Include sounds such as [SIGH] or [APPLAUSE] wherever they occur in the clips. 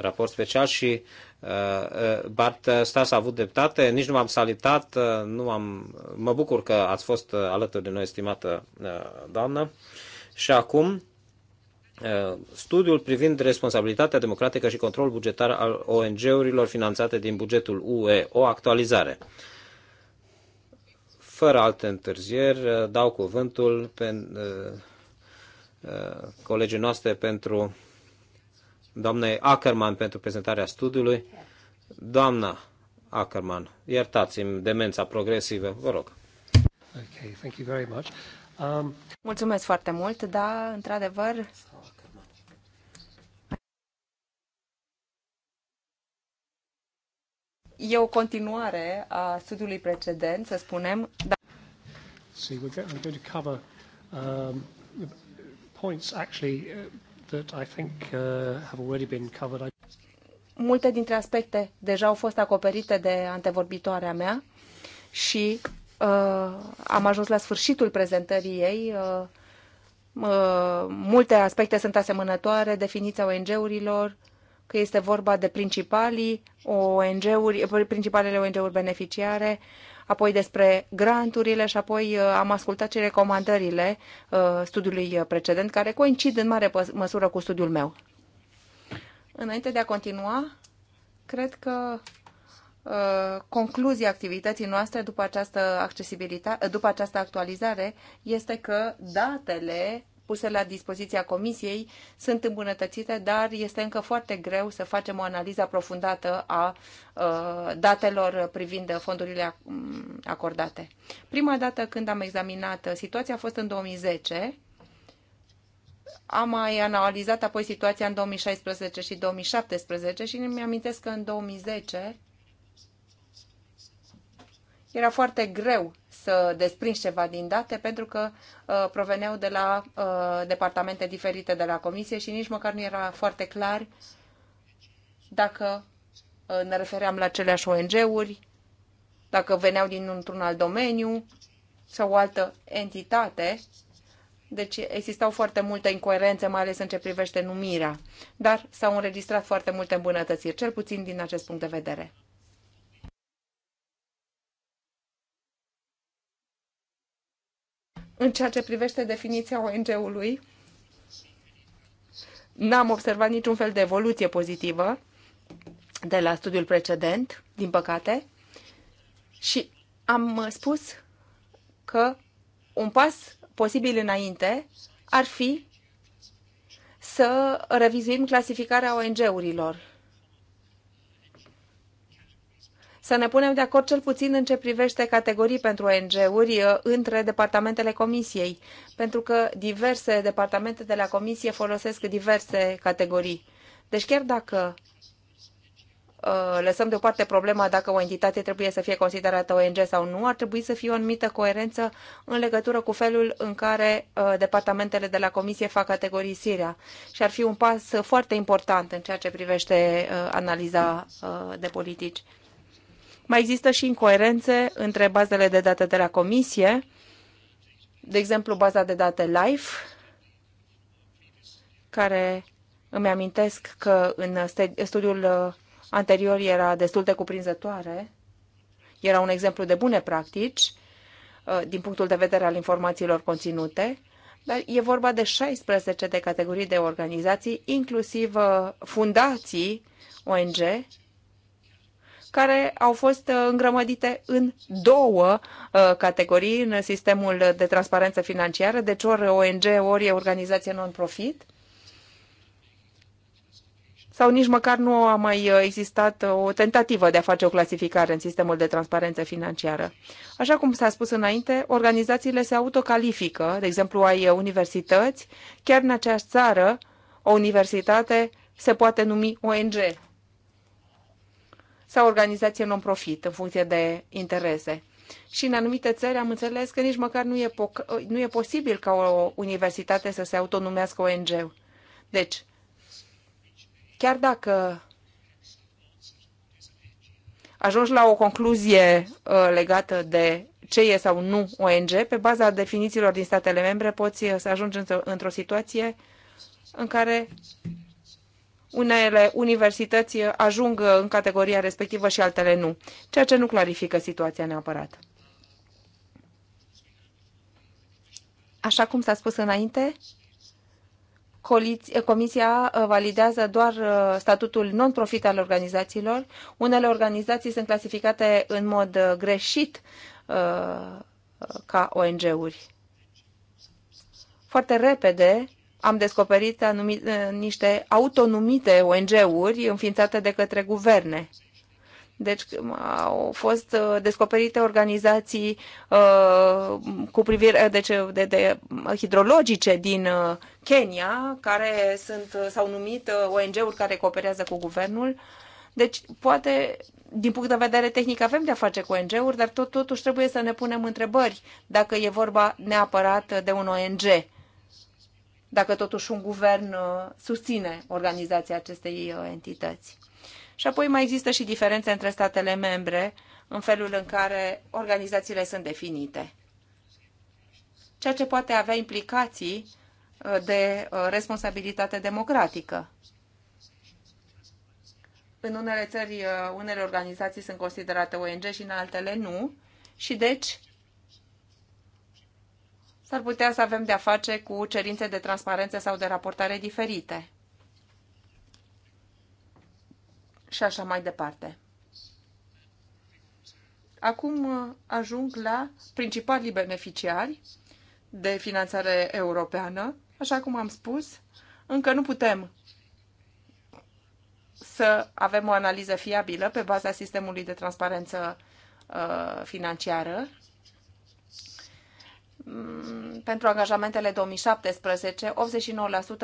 raport special și uh, uh, Bart uh, Stas a avut dreptate, nici nu am salutat, nu am, mă bucur că ați fost alături de noi, estimată doamnă. Și acum, studiul privind responsabilitatea democratică și controlul bugetar al ONG-urilor finanțate din bugetul UE, o actualizare. Fără alte întârzieri, dau cuvântul pe, colegii noastre pentru doamnei Ackerman pentru prezentarea studiului. Doamna Ackerman, iertați-mi demența progresivă, vă rog. Okay, thank you very much. Um... Mulțumesc foarte mult, da, într-adevăr, e o continuare a studiului precedent, să spunem. Da. See, we're going, to cover um, points actually uh, that I think uh, have already been covered. Multe dintre aspecte deja au fost acoperite de antevorbitoarea mea și uh, am ajuns la sfârșitul prezentării ei. Uh, uh, multe aspecte sunt asemănătoare, definiția ONG-urilor, că este vorba de principalii ONG-uri, principalele ONG-uri beneficiare, uh, apoi despre granturile și apoi uh, am ascultat și recomandările uh, studiului precedent, care coincid în mare măsură cu studiul meu. Înainte de a continua, cred că uh, concluzia activității noastre după această accesibilitate, după această actualizare este că datele puse la dispoziția Comisiei sunt îmbunătățite, dar este încă foarte greu să facem o analiză aprofundată a uh, datelor privind fondurile mm, acordate. Prima dată când am examinat situația a fost în 2010. Am mai analizat apoi situația în 2016 și 2017 și mi-amintesc că în 2010 era foarte greu să desprinzi ceva din date pentru că uh, proveneau de la uh, departamente diferite de la comisie și nici măcar nu era foarte clar dacă uh, ne refeream la aceleași ONG-uri, dacă veneau dintr-un alt domeniu sau o altă entitate. Deci existau foarte multe incoerențe, mai ales în ce privește numirea, dar s-au înregistrat foarte multe îmbunătățiri, cel puțin din acest punct de vedere. În ceea ce privește definiția ONG-ului, n-am observat niciun fel de evoluție pozitivă de la studiul precedent, din păcate, și am spus că un pas posibil înainte ar fi să revizuim clasificarea ONG-urilor să ne punem de acord cel puțin în ce privește categorii pentru ONG-uri uh, între departamentele comisiei, pentru că diverse departamente de la comisie folosesc diverse categorii. Deci chiar dacă uh, lăsăm deoparte problema dacă o entitate trebuie să fie considerată ONG sau nu, ar trebui să fie o anumită coerență în legătură cu felul în care uh, departamentele de la Comisie fac categorisirea și ar fi un pas foarte important în ceea ce privește analiza de politici. Mai există și incoerențe între bazele de date de la comisie, de exemplu baza de date LIFE, care îmi amintesc că în studiul uh, anterior era destul de cuprinzătoare, era un exemplu de bune practici uh, din punctul de vedere al informațiilor conținute, dar e vorba de 16 de categorii de organizații, inclusiv uh, fundații ONG, care au fost uh, îngrămădite în două uh, categorii în sistemul de transparență financiară, deci ori ONG, ori organizație non-profit sau nici măcar nu a mai uh, existat o tentativă de a face o clasificare în sistemul de transparență financiară. Așa cum s-a spus înainte, organizațiile se autocalifică, de exemplu ai universități, chiar în aceeași țară o universitate se poate numi ONG sau organizație non-profit în funcție de interese. Și în anumite țări am înțeles că nici măcar nu e, nu e posibil ca o universitate să se autonumească ONG. Deci, chiar dacă ajungi la o concluzie uh, legată de ce e sau nu ONG, pe baza definițiilor din statele membre poți uh, să ajungi într-o, într situație în care unele universități ajung în categoria respectivă și altele nu, ceea ce nu clarifică situația neapărat. Așa cum s-a spus înainte, Comisia uh, validează doar uh, statutul non-profit al organizațiilor. Unele organizații sunt clasificate în mod uh, greșit ca ONG-uri. Foarte repede, am descoperit anumit, eh, niște autonumite ONG-uri înființate de către guverne. Deci au fost eh, descoperite organizații uh, cu privire deci, de, de hidrologice din Kenya, care sunt, s-au numit ONG-uri care cooperează cu guvernul. Deci, poate, din punct de vedere tehnic, avem de-a face cu ONG-uri, dar tot, totuși trebuie să ne punem întrebări dacă e vorba neapărat de un ONG dacă totuși un guvern uh, susține organizația acestei uh, entități. Și apoi mai există și diferențe între statele membre în felul în care organizațiile sunt definite, ceea ce poate avea implicații uh, de responsabilitate democratică. În unele țări, unele organizații sunt considerate ONG și în altele nu și deci s-ar putea să avem de-a face cu cerințe de transparență sau de raportare diferite. Și așa mai departe. Acum uh, ajung la principalii beneficiari de finanțare europeană. Așa cum am spus, încă nu putem să avem o analiză fiabilă pe baza sistemului de transparență uh, financiară Mm, pentru angajamentele 2017,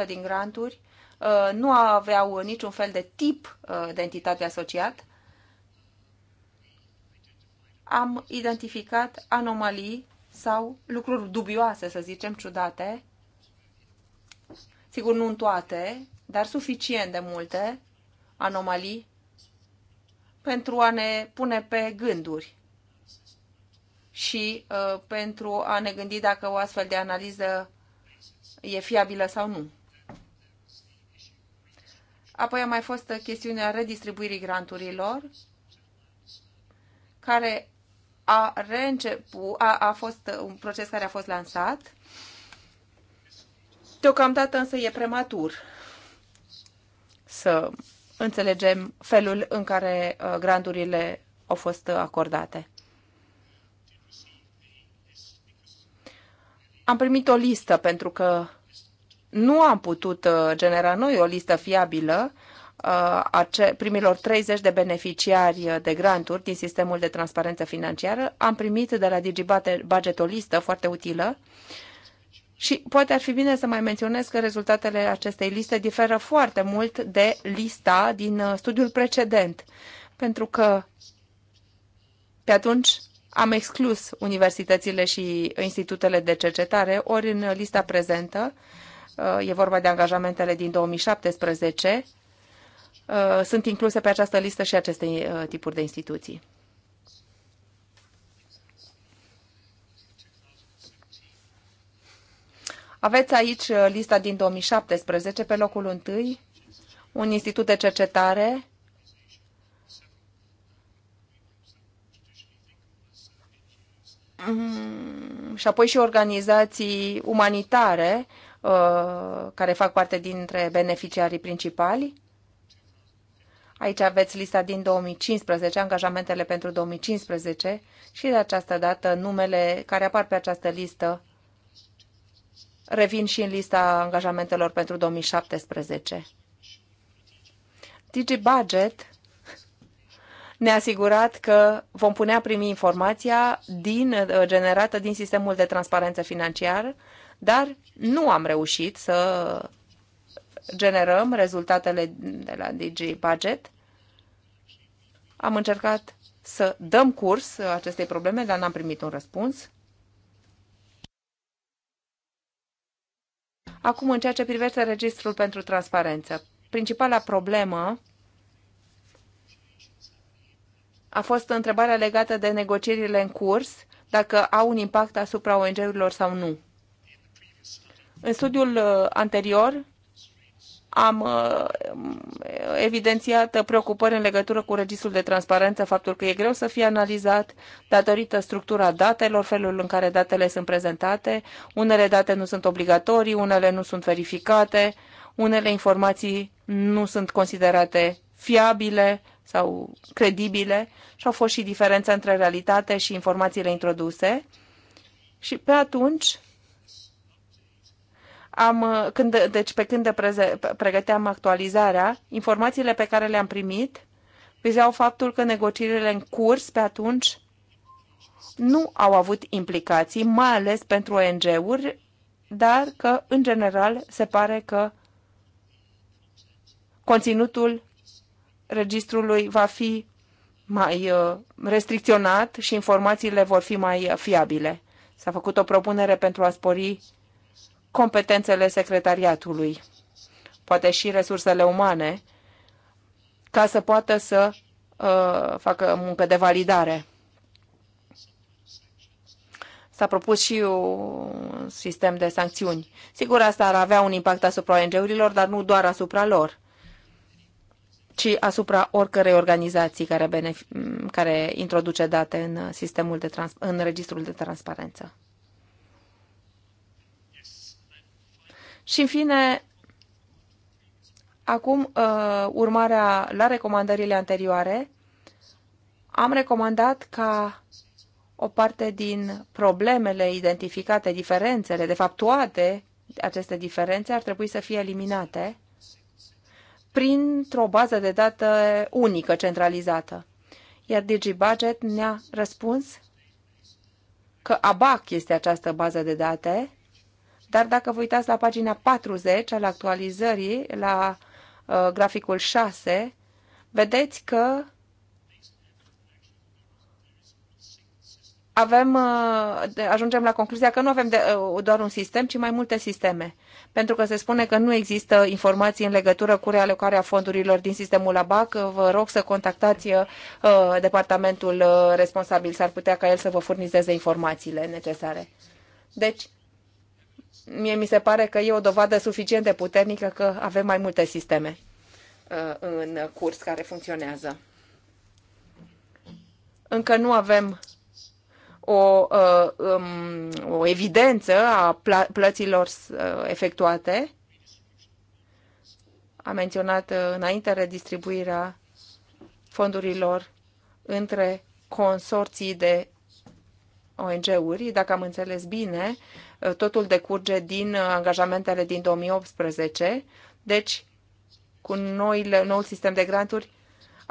89% din granturi uh, nu aveau niciun fel de tip uh, de entitate asociat. Am identificat anomalii sau lucruri dubioase, să zicem, ciudate. Sigur, nu în toate, dar suficient de multe anomalii pentru a ne pune pe gânduri și uh, pentru a ne gândi dacă o astfel de analiză e fiabilă sau nu. Apoi a mai fost chestiunea redistribuirii granturilor, care a a, a fost un proces care a fost lansat. Deocamdată însă e prematur să înțelegem felul în care uh, granturile au fost acordate. am primit o listă pentru că nu am putut uh, genera noi o listă fiabilă uh, a primilor 30 de beneficiari uh, de granturi din sistemul de transparență financiară. Am primit de la DigiBudget o listă foarte utilă și poate ar fi bine să mai menționez că rezultatele acestei liste diferă foarte mult de lista din studiul precedent, pentru că pe atunci am exclus universitățile și institutele de cercetare, ori în lista prezentă, uh, e vorba de angajamentele din 2017, uh, sunt incluse pe această listă și aceste uh, tipuri de instituții. Aveți aici lista din 2017, pe locul întâi, un institut de cercetare Mm, și apoi și organizații umanitare uh, care fac parte dintre beneficiarii principali. Aici aveți lista din 2015, angajamentele pentru 2015 și de această dată numele care apar pe această listă revin și în lista angajamentelor pentru 2017. DigiBudget ne-a asigurat că vom putea primi informația din, uh, generată din sistemul de transparență financiar, dar nu am reușit să generăm rezultatele de la DG Budget. Am încercat să dăm curs acestei probleme, dar n-am primit un răspuns. Acum, în ceea ce privește registrul pentru transparență, principala problemă a fost întrebarea legată de negocierile în curs, dacă au un impact asupra ONG-urilor sau nu. În studiul uh, anterior am uh, evidențiat preocupări în legătură cu registrul de transparență, faptul că e greu să fie analizat datorită structura datelor, felul în care datele sunt prezentate, unele date nu sunt obligatorii, unele nu sunt verificate, unele informații nu sunt considerate fiabile, sau credibile și au fost și diferențe între realitate și informațiile introduse. Și pe atunci, am, când, deci pe când preze, pregăteam actualizarea, informațiile pe care le-am primit vizeau faptul că negocierile în curs pe atunci nu au avut implicații, mai ales pentru ONG-uri, dar că, în general, se pare că conținutul registrului va fi mai uh, restricționat și informațiile vor fi mai uh, fiabile. S-a făcut o propunere pentru a spori competențele secretariatului, poate și resursele umane, ca să poată să uh, facă muncă de validare. S-a propus și un sistem de sancțiuni. Sigur, asta ar avea un impact asupra ONG-urilor, dar nu doar asupra lor ci asupra oricărei organizații care, care introduce date în sistemul de trans- în registrul de transparență. Și în fine, acum uh, urmarea la recomandările anterioare, am recomandat ca o parte din problemele identificate, diferențele, de fapt toate aceste diferențe ar trebui să fie eliminate printr-o bază de date unică centralizată. Iar DigiBudget ne-a răspuns că ABAC este această bază de date, dar dacă vă uitați la pagina 40 al actualizării, la uh, graficul 6, vedeți că avem, uh, ajungem la concluzia că nu avem de, uh, doar un sistem, ci mai multe sisteme. Pentru că se spune că nu există informații în legătură cu realocarea fondurilor din sistemul ABAC. Vă rog să contactați uh, departamentul uh, responsabil. S-ar putea ca el să vă furnizeze informațiile necesare. Deci, mie mi se pare că e o dovadă suficient de puternică că avem mai multe sisteme uh, în curs care funcționează. Încă nu avem o, uh, um, o evidență a plăților uh, efectuate. A menționat uh, înainte redistribuirea fondurilor între consorții de ONG-uri, dacă am înțeles bine, totul decurge din angajamentele din 2018, deci cu noile, noul sistem de granturi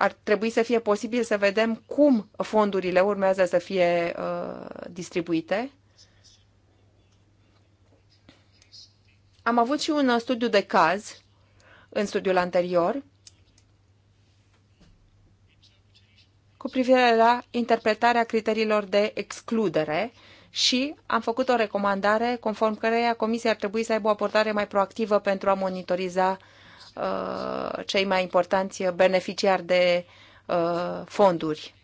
ar trebui să fie posibil să vedem cum fondurile urmează să fie uh, distribuite. Am avut și un uh, studiu de caz în studiul anterior cu privire la interpretarea criteriilor de excludere și am făcut o recomandare conform căreia Comisia ar trebui să aibă o abordare mai proactivă pentru a monitoriza uh, Uh, cei mai importanți beneficiari de uh, fonduri.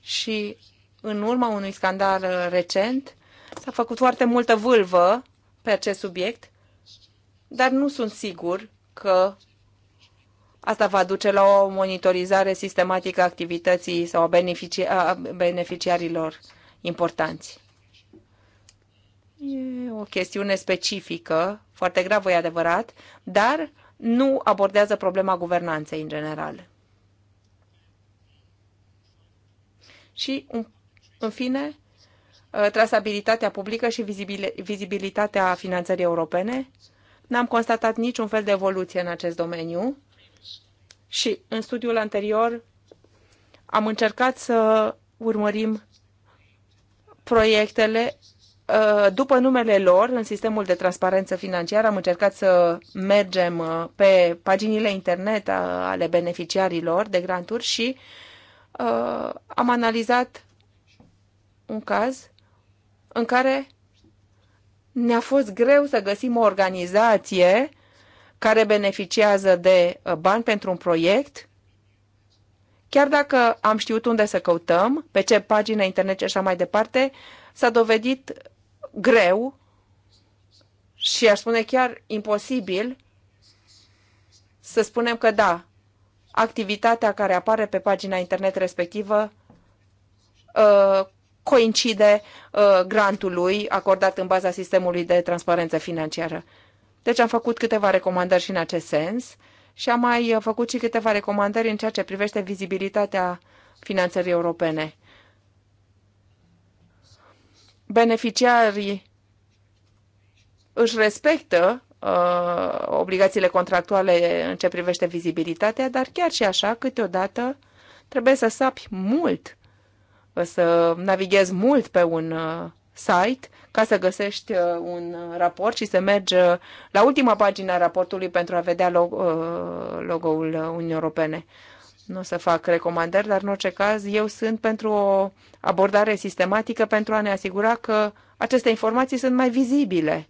Și în urma unui scandal uh, recent s-a făcut foarte multă vâlvă pe acest subiect, dar nu sunt sigur că Asta va duce la o monitorizare sistematică a activității sau a, a beneficiarilor importanți. E o chestiune specifică, foarte gravă, e adevărat, dar nu abordează problema guvernanței în general. Și, în fine, ă, trasabilitatea publică și vizibilitatea finanțării europene. N-am constatat niciun fel de evoluție în acest domeniu și în studiul anterior am încercat să urmărim proiectele Uh, după numele lor în sistemul de transparență financiară. Am încercat să mergem uh, pe paginile internet uh, ale beneficiarilor de granturi și uh, am analizat un caz în care ne-a fost greu să găsim o organizație care beneficiază de bani pentru un proiect, chiar dacă am știut unde să căutăm, pe ce pagină internet și așa mai departe, s-a dovedit greu și aș spune chiar imposibil să spunem că da, activitatea care apare pe pagina internet respectivă uh, coincide uh, grantului acordat în baza sistemului de transparență financiară. Deci am făcut câteva recomandări și în acest sens și am mai uh, făcut și câteva recomandări în ceea ce privește vizibilitatea finanțării europene beneficiarii își respectă uh, obligațiile contractuale în ce privește vizibilitatea, dar chiar și așa, câteodată, trebuie să sapi mult, să navighezi mult pe un uh, site ca să găsești uh, un raport și să mergi uh, la ultima pagină a raportului pentru a vedea log- uh, logo-ul Uniunii Europene. Uh, nu o să fac recomandări, dar în orice caz eu sunt pentru o abordare sistematică pentru a ne asigura că aceste informații sunt mai vizibile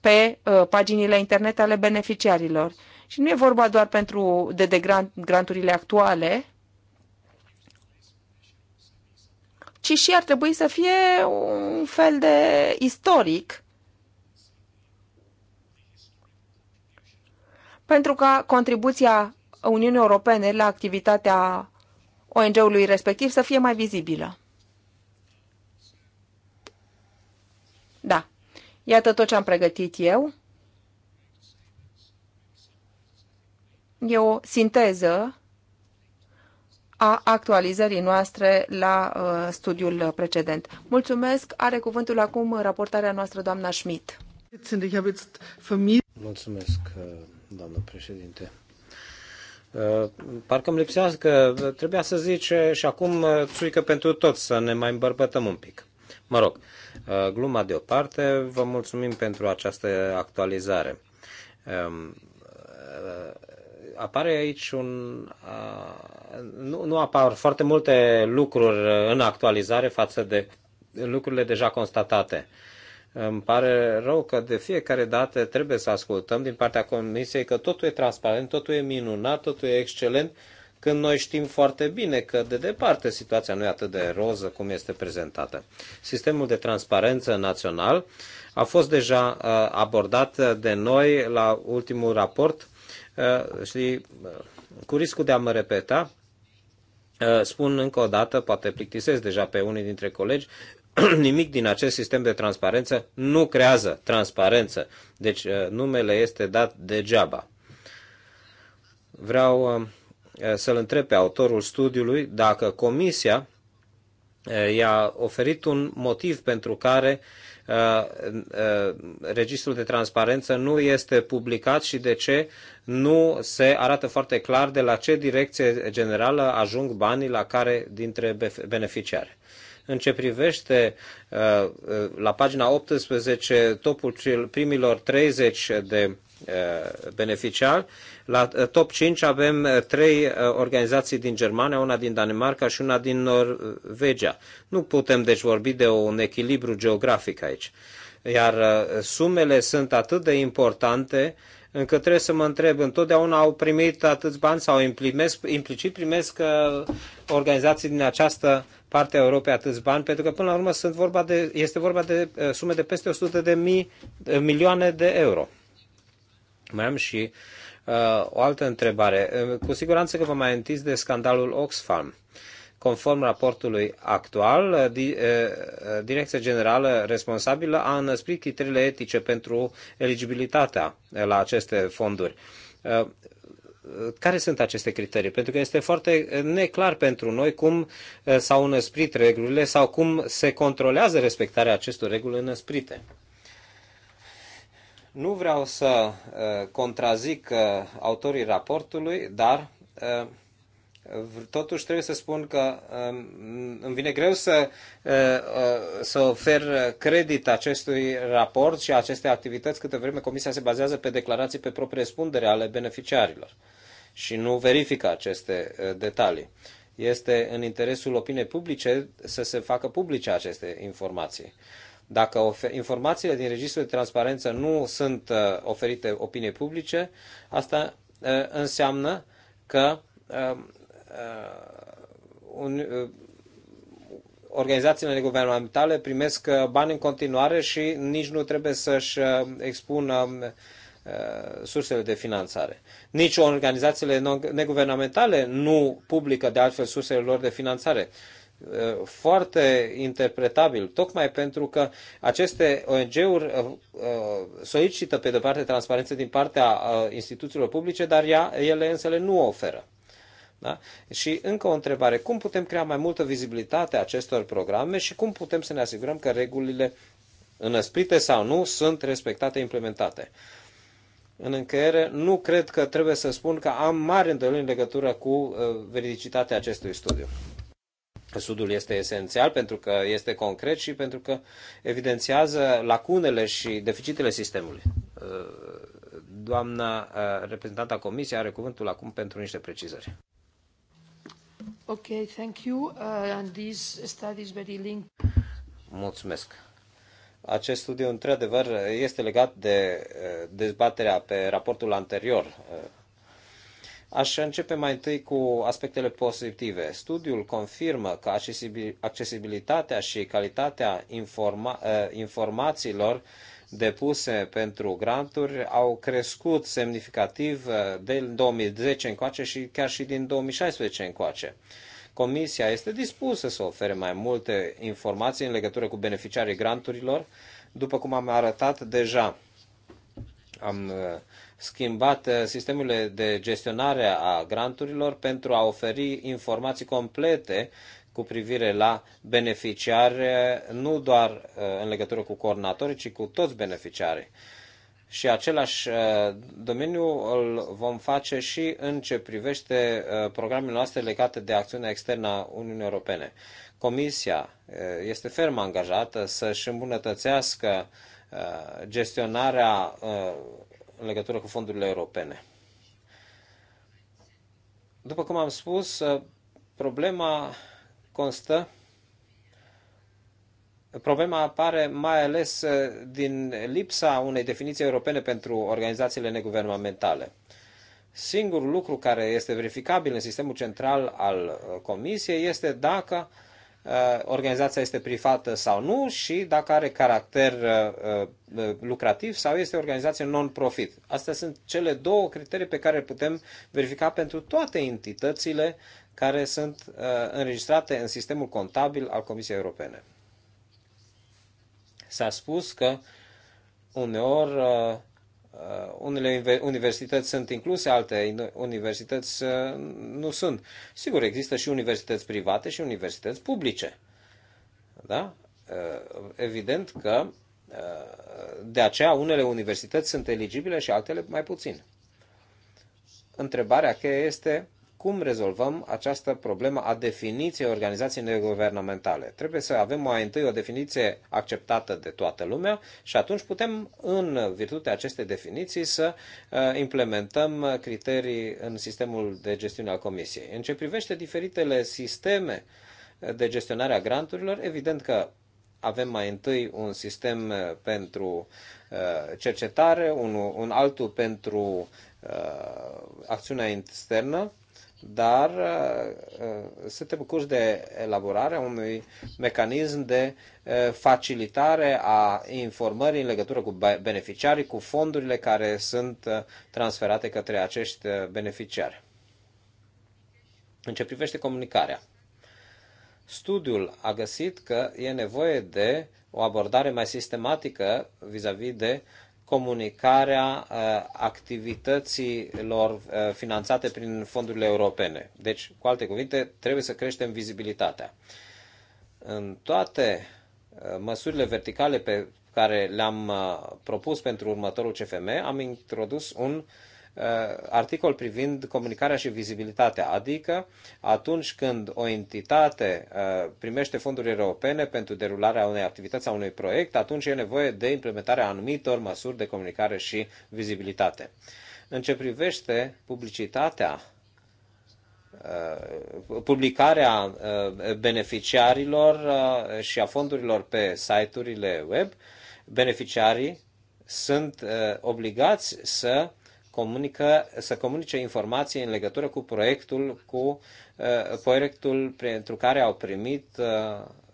pe uh, paginile internet ale beneficiarilor. Și nu e vorba doar pentru de, de grant, granturile actuale, ci și ar trebui să fie un fel de istoric pentru ca contribuția Uniunii Europene la activitatea ONG-ului respectiv să fie mai vizibilă. Da. Iată tot ce am pregătit eu. E o sinteză a actualizării noastre la uh, studiul precedent. Mulțumesc. Are cuvântul acum raportarea noastră, doamna Schmidt. Mulțumesc, uh, doamnă președinte. Uh, parcă îmi lipsea că trebuia să zice și acum uh, țuică pentru toți să ne mai îmbărbătăm un pic. Mă rog, uh, gluma deoparte, vă mulțumim pentru această actualizare. Um, apare aici un... Nu, nu apar foarte multe lucruri în actualizare față de lucrurile deja constatate. Uh, îmi pare rău că de fiecare dată trebuie să ascultăm din partea Comisiei că totul e transparent, totul e minunat, totul e excelent, când noi știm foarte bine că de departe situația nu e atât de roză cum este prezentată. Sistemul de transparență național a fost deja uh, abordat de noi la ultimul raport uh, și uh, cu riscul de a mă repeta, spun încă o dată, poate plictisesc deja pe unii dintre colegi, [CLEARS THROAT] nimic din acest sistem de transparență nu creează transparență. Deci uh, numele este dat degeaba. Vreau uh, uh, să-l întreb pe autorul studiului dacă comisia i-a oferit un motiv pentru care registrul de transparență nu este publicat și de ce nu se arată foarte clar de la ce direcție generală ajung banii la care dintre beneficiari. În ce privește uh, la pagina 18 topul primilor 30 de uh, beneficiari. La uh, top 5 avem trei organizații din Germania, una din Danemarca și una din Norvegia. Nu putem deci vorbi de un echilibru geografic aici. Iar sumele sunt atât de importante încât trebuie să mă întreb, întotdeauna au primit atâți bani sau implimesc, implicit primesc uh, organizații din această parte a Europei atâți bani, pentru că până la urmă sunt vorba de, este vorba de uh, sume de peste 100 de mii, uh, milioane de euro. Mai am și uh, o altă întrebare. Cu siguranță că vă mai întins de scandalul Oxfam. Uh, Conform raportului actual, eh, eh, eh, Direcția Generală responsabilă a înăsprit criteriile etice pentru eligibilitatea la aceste fonduri care sunt aceste criterii? Pentru că este foarte neclar pentru noi cum s-au înăsprit regulile sau cum se controlează respectarea acestor reguli înăsprite. Nu vreau să contrazic autorii raportului, dar Totuși trebuie să spun că um, îmi vine greu să, uh, uh, să ofer credit acestui raport și acestei activități câte vreme Comisia se bazează pe declarații pe proprie răspundere ale beneficiarilor și nu verifică aceste uh, detalii. Este în interesul opiniei publice să se facă publice aceste informații. Dacă informațiile din registrul de transparență nu sunt oferite opiniei publice, asta înseamnă că um, Uh, un, uh, organizațiile neguvernamentale primesc uh, bani în continuare și nici nu trebuie să-și expună sursele de finanțare. Nici organizațiile neguvernamentale nu publică de altfel sursele lor de finanțare. Foarte interpretabil, tocmai pentru că aceste ONG-uri solicită pe de parte transparență din partea instituțiilor publice, dar ea, ele însele nu o oferă. Da? Și încă o întrebare. Cum putem crea mai multă vizibilitate acestor programe și cum putem să ne asigurăm că regulile înăsprite sau nu sunt respectate, implementate? În încheiere, nu cred că trebuie să spun că am mari îndoieli în legătură cu uh, veridicitatea acestui studiu. Sudul este esențial pentru că este concret și pentru că evidențiază lacunele și deficitele sistemului. Uh, doamna uh, reprezentanta Comisiei are cuvântul acum pentru niște precizări. Okay, thank you. Uh, and very linked. Mulțumesc. Acest studiu, într-adevăr, este legat de uh, dezbaterea pe raportul anterior. Uh, aș începe mai întâi cu aspectele pozitive. Studiul confirmă că accesibilitatea și calitatea informa- uh, informațiilor depuse pentru granturi au crescut semnificativ uh, din 2010 încoace și chiar și din 2016 încoace. Comisia este dispusă să ofere mai multe informații în legătură cu beneficiarii granturilor, după cum am arătat deja. Am uh, schimbat uh, sistemurile de gestionare a granturilor pentru a oferi informații complete cu privire la beneficiare, nu doar uh, în legătură cu coordonatorii, ci cu toți beneficiarii. Și același uh, domeniu îl vom face și în ce privește uh, programele noastre legate de acțiunea externă a Uniunii Europene. Comisia este ferm angajată să-și îmbunătățească gestionarea în legătură cu fondurile europene. După cum am spus, problema constă Problema apare mai ales eh, din lipsa unei definiții europene pentru organizațiile neguvernamentale. Singurul lucru care este verificabil în sistemul central al eh, Comisiei este dacă eh, organizația este privată sau nu și dacă are caracter lucrativ sau este organizație non-profit. Astea sunt cele două criterii pe care putem verifica pentru toate entitățile care sunt uh, înregistrate în sistemul contabil al Comisiei Europene. S-a spus că uneori uh, uh, unele universități sunt incluse, alte universități nu sunt. Sigur, există și universități private și universități publice. Da? Evident că de aceea unele universități sunt eligibile și altele mai puțin. Întrebarea cheie este cum rezolvăm această problemă a definiției organizației neguvernamentale. Trebuie să avem mai întâi o definiție acceptată de toată lumea și atunci putem, în virtutea acestei definiții, să uh, implementăm criterii în sistemul de gestiune al Comisiei. În ce privește diferitele sisteme de gestionare a granturilor, evident că avem mai întâi un sistem uh, pentru uh, cercetare, un, un altul pentru acțiunea externă dar uh, uh, să te curs de elaborare unui mecanism de uh, facilitare a informării în legătură cu beneficiarii, cu fondurile care sunt transferate către acești beneficiari. În ce privește comunicarea, studiul a găsit că e nevoie de o abordare mai sistematică vis-a-vis -vis de uh, comunicarea uh, activităților uh, finanțate prin fondurile europene. Deci, cu alte cuvinte, trebuie să creștem vizibilitatea. În toate uh, măsurile verticale pe care le-am propus pentru următorul CFM, am introdus un uh, Uh, articol privind comunicarea și vizibilitatea, adică atunci când o entitate uh, primește fonduri europene pentru derularea unei activități sau unui proiect, atunci e nevoie de implementarea anumitor măsuri de comunicare și vizibilitate. În ce privește publicitatea uh, publicarea beneficiarilor și a fondurilor pe site-urile web, beneficiarii sunt obligați să comunică, să comunice informații în legătură cu proiectul, cu uh, proiectul pentru care au primit uh,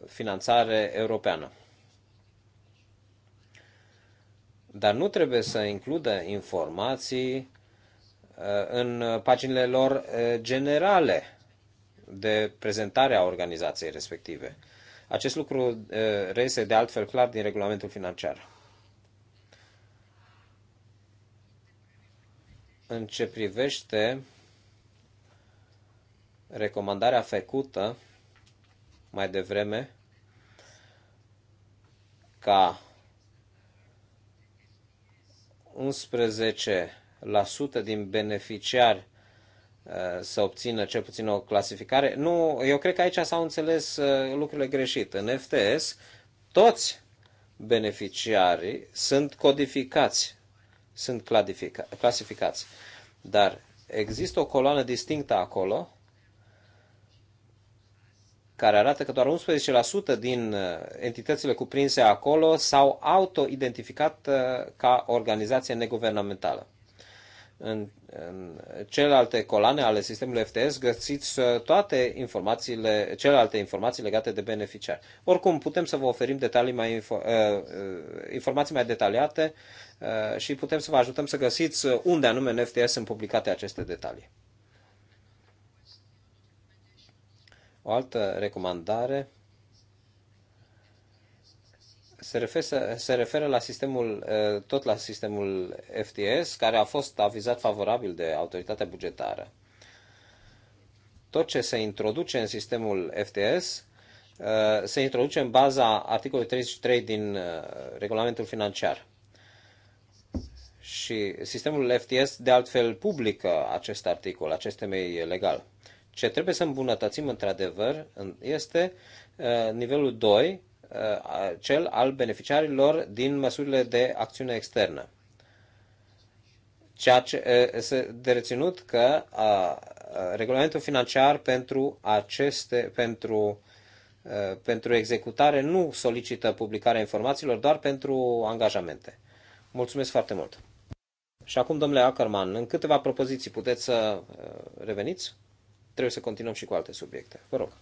finanțare europeană. Dar nu trebuie să includă informații uh, în paginile lor uh, generale de prezentare a organizației respective. Acest lucru uh, reiese de altfel clar din regulamentul financiar. în ce privește recomandarea făcută mai devreme ca 11% din beneficiari uh, să obțină cel puțin o clasificare. Nu, eu cred că aici s-au înțeles uh, lucrurile greșite. În FTS, toți beneficiarii sunt codificați sunt clasificați. Dar există o coloană distinctă acolo care arată că doar 11% din uh, entitățile cuprinse acolo s-au auto-identificat uh, ca organizație neguvernamentală în, în celelalte coloane ale sistemului FTS găsiți uh, toate informațiile, celelalte informații legate de beneficiari. Oricum, putem să vă oferim detalii mai info, uh, uh, informații mai detaliate și putem să vă ajutăm să găsiți unde anume în FTS sunt publicate aceste detalii. O altă recomandare se, refer, se referă la sistemul, tot la sistemul FTS, care a fost avizat favorabil de autoritatea bugetară. Tot ce se introduce în sistemul FTS se introduce în baza articolului 33 din regulamentul financiar. Și sistemul FTS, de altfel, publică acest articol, acest temei legal. Ce trebuie să îmbunătățim, într-adevăr, este nivelul 2, Uh, cel al beneficiarilor din măsurile de acțiune externă. Ceea ce uh, este de reținut că uh, regulamentul financiar pentru aceste, pentru pentru executare nu solicită publicarea informațiilor, doar pentru angajamente. Mulțumesc foarte mult! Și acum, domnule Ackerman, în câteva propoziții puteți să reveniți? Trebuie să continuăm și cu alte subiecte. Vă rog!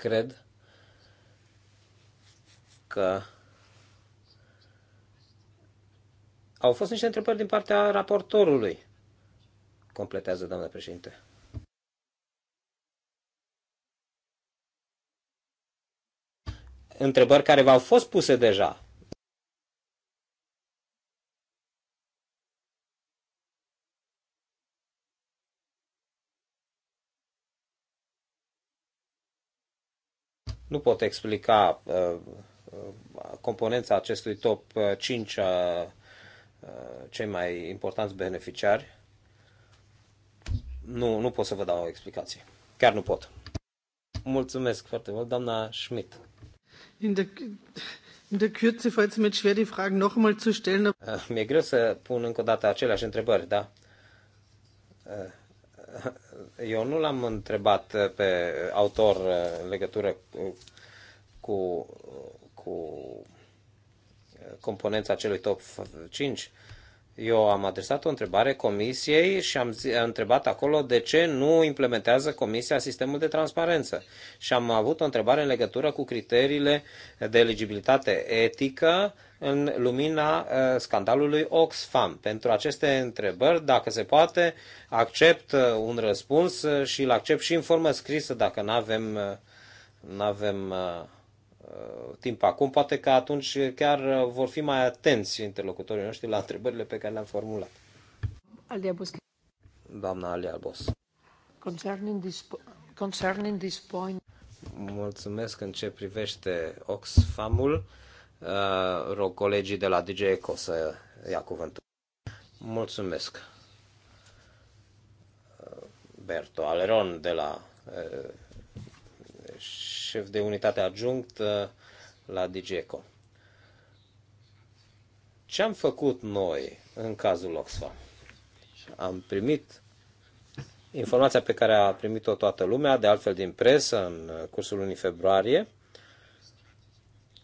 cred că au fost niște întrebări din partea raportorului, completează doamna președinte. Întrebări care v-au fost puse deja Nu pot explica uh, uh, componența acestui top 5 uh, cei mai importanți beneficiari. Nu, nu pot să vă dau o explicație. Chiar nu pot. Mulțumesc foarte mult, doamna Schmidt. In de in der Kürze fällt es mir schwer, die Fragen noch einmal zu stellen. Mir greu să pun încă o dată aceleași întrebări, da? eu nu l-am întrebat pe autor în legătură cu, cu componența acelui top 5, eu am adresat o întrebare comisiei și am întrebat acolo de ce nu implementează comisia sistemul de transparență. Și am avut o întrebare în legătură cu criteriile de eligibilitate etică în lumina uh, scandalului Oxfam. Pentru aceste întrebări, dacă se poate, accept uh, un răspuns uh, și îl accept și în formă scrisă dacă nu avem, Uh, avem Uh, timp acum, poate că atunci chiar uh, vor fi mai atenți interlocutorii noștri la întrebările pe care le-am formulat. Alia Boschi. Doamna Alia Bos. Concerning this, concerning this point... Mulțumesc în ce privește Oxfamul. Uh, rog colegii de la DJ Eco să ia cuvântul. Mulțumesc. Uh, Berto Aleron de la șef de unitate adjunct uh, la DGECO. Ce am făcut noi în cazul Oxfam? Am primit informația pe care a primit-o toată lumea, de altfel din presă, în cursul lunii februarie,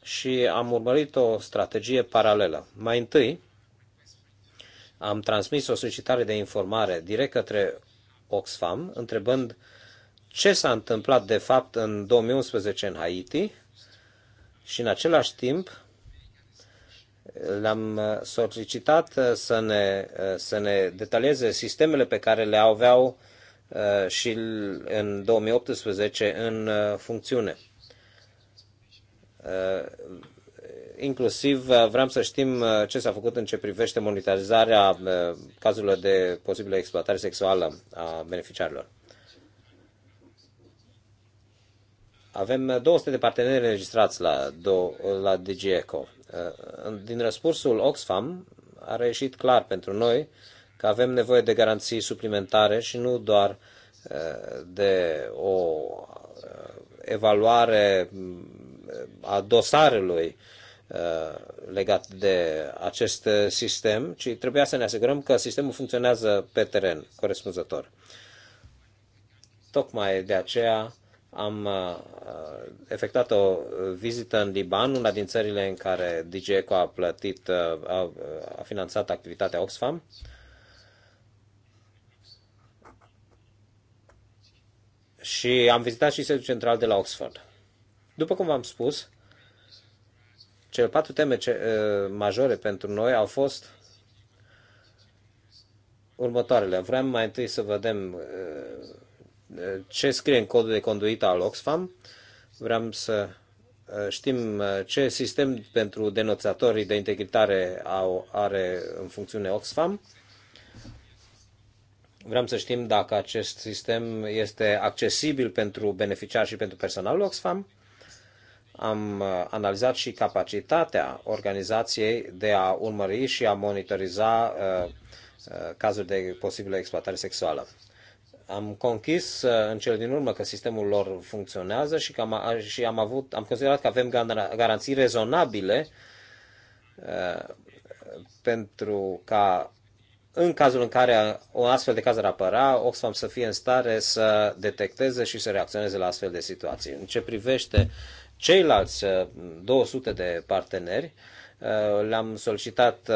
și am urmărit o strategie paralelă. Mai întâi, am transmis o solicitare de informare direct către Oxfam, întrebând uh, ce s-a întâmplat de fapt în 2011 în Haiti și în același timp le-am uh, solicitat uh, să ne, uh, să ne detalieze sistemele pe care le aveau și în 2018 în funcțiune. Inclusiv vreau să știm ce s-a făcut în ce privește monitorizarea cazurilor de posibilă exploatare sexuală a beneficiarilor. Avem 200 de parteneri înregistrați la, do- la DGECO. Din răspunsul Oxfam a reieșit clar pentru noi că avem nevoie de garanții suplimentare și nu doar eh, de o eh, evaluare mm, a dosarelui eh, legat de acest sistem, ci trebuia să ne asigurăm că sistemul funcționează pe teren corespunzător. Tocmai de aceea am uh, uh, efectuat o vizită în Liban, una din țările în care DGECO a plătit, uh, a, a finanțat activitatea Oxfam. Și am vizitat și sediul central de la Oxford. După cum v-am spus, cele patru teme ce, majore pentru noi au fost următoarele. Vrem mai întâi să vedem uh, ce scrie în codul de conduită al Oxfam. Vrem să uh, știm uh, ce sistem pentru denoțatorii de integritate au, are în funcțiune Oxfam. Vrem să știm dacă acest sistem este accesibil pentru beneficiari și pentru personalul Oxfam. Am uh, analizat și capacitatea organizației de a urmări și a monitoriza uh, cazuri de posibilă exploatare sexuală am conchis uh, în cele din urmă că sistemul lor funcționează și că am, și am, avut, am considerat că avem garanții rezonabile uh, pentru ca în cazul în care o astfel de caz ar apăra, Oxfam să fie în stare să detecteze și să reacționeze la astfel de situații. În ce privește ceilalți 200 uh, de parteneri, le-am solicitat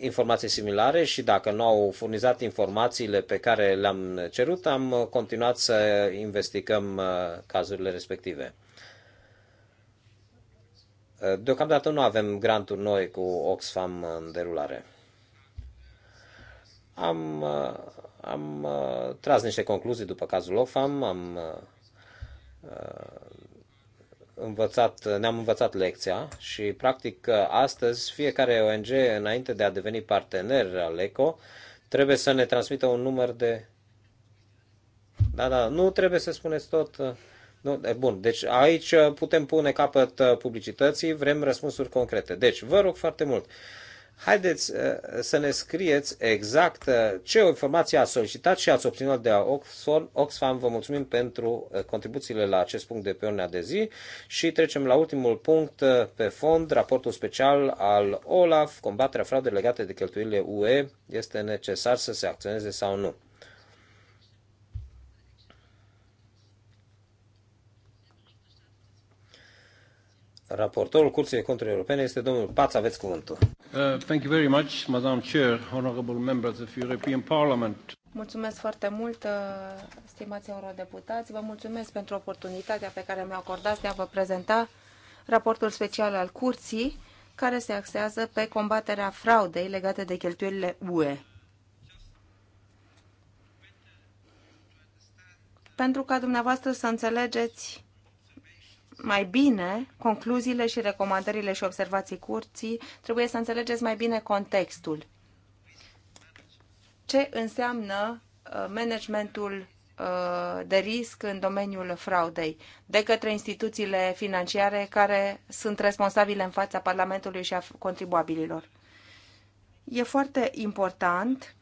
informații similare și dacă nu au furnizat informațiile pe care le-am cerut, am continuat să investigăm uh, cazurile respective. Uh, deocamdată nu avem granturi noi cu Oxfam în derulare. Am, uh, am tras niște concluzii după cazul Oxfam, am învățat, ne-am învățat lecția și, practic, astăzi fiecare ONG, înainte de a deveni partener al ECO, trebuie să ne transmită un număr de... Da, da, nu trebuie să spuneți tot... Nu, e bun, deci aici putem pune capăt publicității, vrem răspunsuri concrete. Deci, vă rog foarte mult, uh, Haideți uh, să ne scrieți exact uh, ce informații ați solicitat și ați obținut de la Oxfam. Vă mulțumim pentru uh, contribuțiile la acest punct de pe ordinea de zi și trecem la ultimul punct pe fond, raportul special al OLAF, combaterea fraudei legate de cheltuielile UE, este necesar să se acționeze sau nu. Raportorul Curții de Conturi Europene este domnul Paț, aveți cuvântul. Uh, thank you very much, Madam Chair, honorable members of European Parliament. Mulțumesc foarte mult, uh, stimați eurodeputați. Vă mulțumesc pentru oportunitatea pe care mi a acordat de a vă prezenta raportul special al Curții, care se axează pe combaterea fraudei legate de cheltuielile UE. Pentru ca dumneavoastră să înțelegeți mai bine concluziile și recomandările și observații curții, trebuie să înțelegeți mai bine contextul. Ce înseamnă uh, managementul uh, de risc în domeniul fraudei de către instituțiile financiare care sunt responsabile în fața Parlamentului și a contribuabililor. E foarte important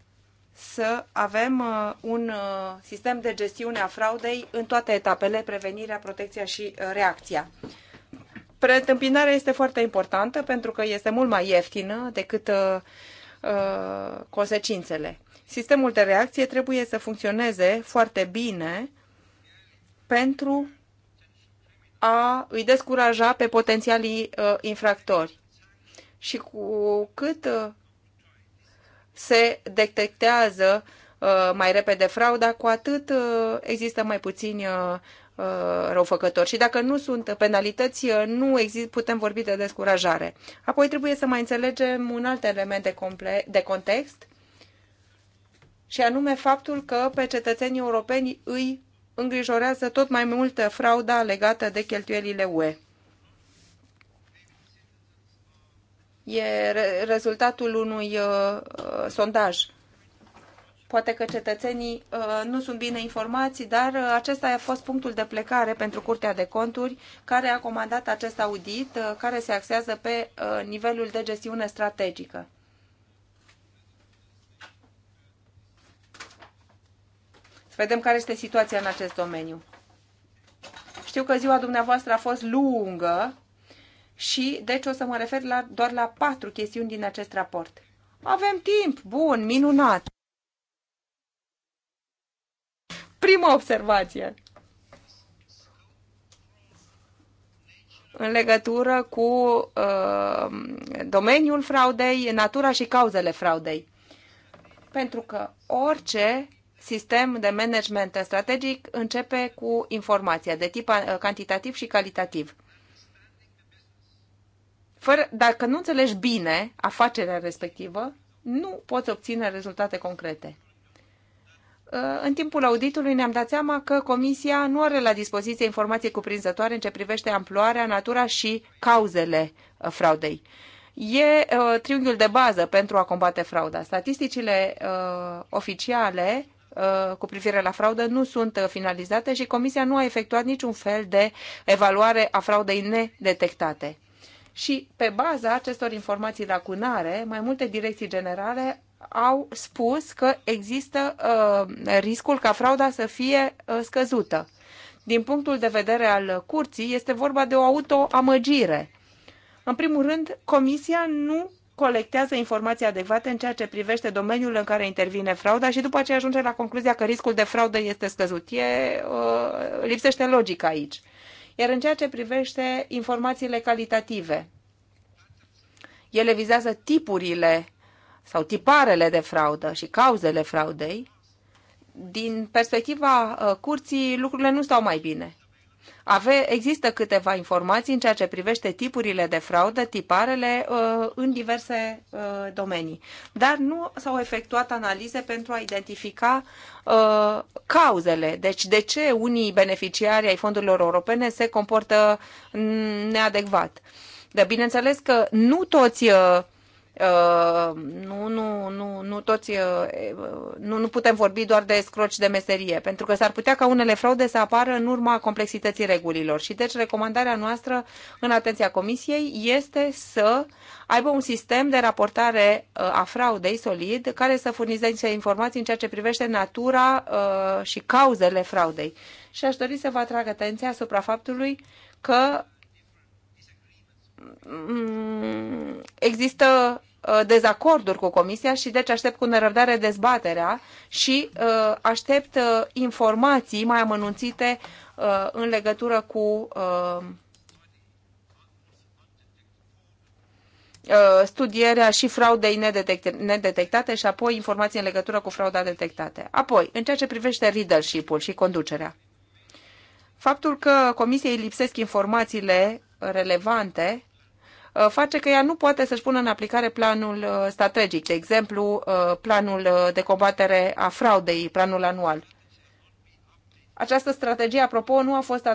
să avem uh, un uh, sistem de gestiune a fraudei în toate etapele, prevenirea, protecția și uh, reacția. Preîntâmpinarea este foarte importantă pentru că este mult mai ieftină decât uh, consecințele. Sistemul de reacție trebuie să funcționeze foarte bine pentru a îi descuraja pe potențialii uh, infractori. Și cu cât se detectează uh, mai repede frauda, cu atât uh, există mai puțini uh, răufăcători. Și dacă nu sunt penalități, nu exist, putem vorbi de descurajare. Apoi trebuie să mai înțelegem un alt element de, comple- de context, și anume faptul că pe cetățenii europeni îi îngrijorează tot mai multă frauda legată de cheltuielile UE. E rezultatul unui uh, sondaj. Poate că cetățenii uh, nu sunt bine informați, dar uh, acesta a fost punctul de plecare pentru Curtea de Conturi, care a comandat acest audit, care se axează pe nivelul de gestiune strategică. Să vedem care este situația în acest domeniu. Știu că ziua dumneavoastră a fost lungă, și deci o să mă refer la, doar la patru chestiuni din acest raport. Avem timp! Bun, minunat! Prima observație. În legătură cu uh, domeniul fraudei, natura și cauzele fraudei. Pentru că orice sistem de management strategic începe cu informația de tip uh, cantitativ și calitativ fără, dacă nu înțelegi bine afacerea respectivă, nu poți obține rezultate concrete. Uh, în timpul auditului ne-am dat seama că Comisia nu are la dispoziție informații cuprinzătoare în ce privește amploarea, natura și cauzele uh, fraudei. E uh, triunghiul de bază pentru a combate frauda. Statisticile oficiale cu privire la fraudă nu sunt finalizate și Comisia nu a efectuat niciun fel de evaluare a fraudei nedetectate. Și pe baza acestor informații lacunare, mai multe direcții generale au spus că există uh, riscul ca frauda să fie uh, scăzută. Din punctul de vedere al curții, este vorba de o autoamăgire. În primul rând, comisia nu colectează informații adecvate în ceea ce privește domeniul în care intervine frauda și după aceea ajunge la concluzia că riscul de fraudă este scăzut. E, uh, lipsește logica aici. Iar în ceea ce privește informațiile calitative, ele vizează tipurile sau tiparele de fraudă și cauzele fraudei. Din perspectiva uh, curții, lucrurile nu stau mai bine. Ave, există câteva informații în ceea ce privește tipurile de fraudă, tiparele uh, în diverse uh, domenii, dar nu s-au efectuat analize pentru a identifica uh, cauzele. Deci de ce unii beneficiari ai fondurilor europene se comportă mm, neadecvat. Dar bineînțeles că nu toți Uh, nu, nu, nu, nu toți, uh, uh, nu, nu putem vorbi doar de scroci de meserie, pentru că s-ar putea ca unele fraude să apară în urma complexității regulilor. Și deci recomandarea noastră în atenția Comisiei este să aibă un sistem de raportare a fraudei solid care să furnizeze informații în ceea ce privește natura și cauzele fraudei. Și aș dori să vă atrag atenția asupra faptului că Mm, există uh, dezacorduri cu Comisia și deci aștept cu nerăbdare dezbaterea și uh, aștept uh, informații mai amănunțite în legătură cu studierea și fraudei nedetectate și apoi informații în legătură cu frauda detectată. Apoi, în ceea ce privește leadership-ul și conducerea. Faptul că Comisiei lipsesc informațiile relevante uh, face că ea nu poate să-și pună în aplicare planul uh, strategic, de exemplu, uh, planul de combatere a fraudei, planul anual. Această strategie, apropo, nu a fost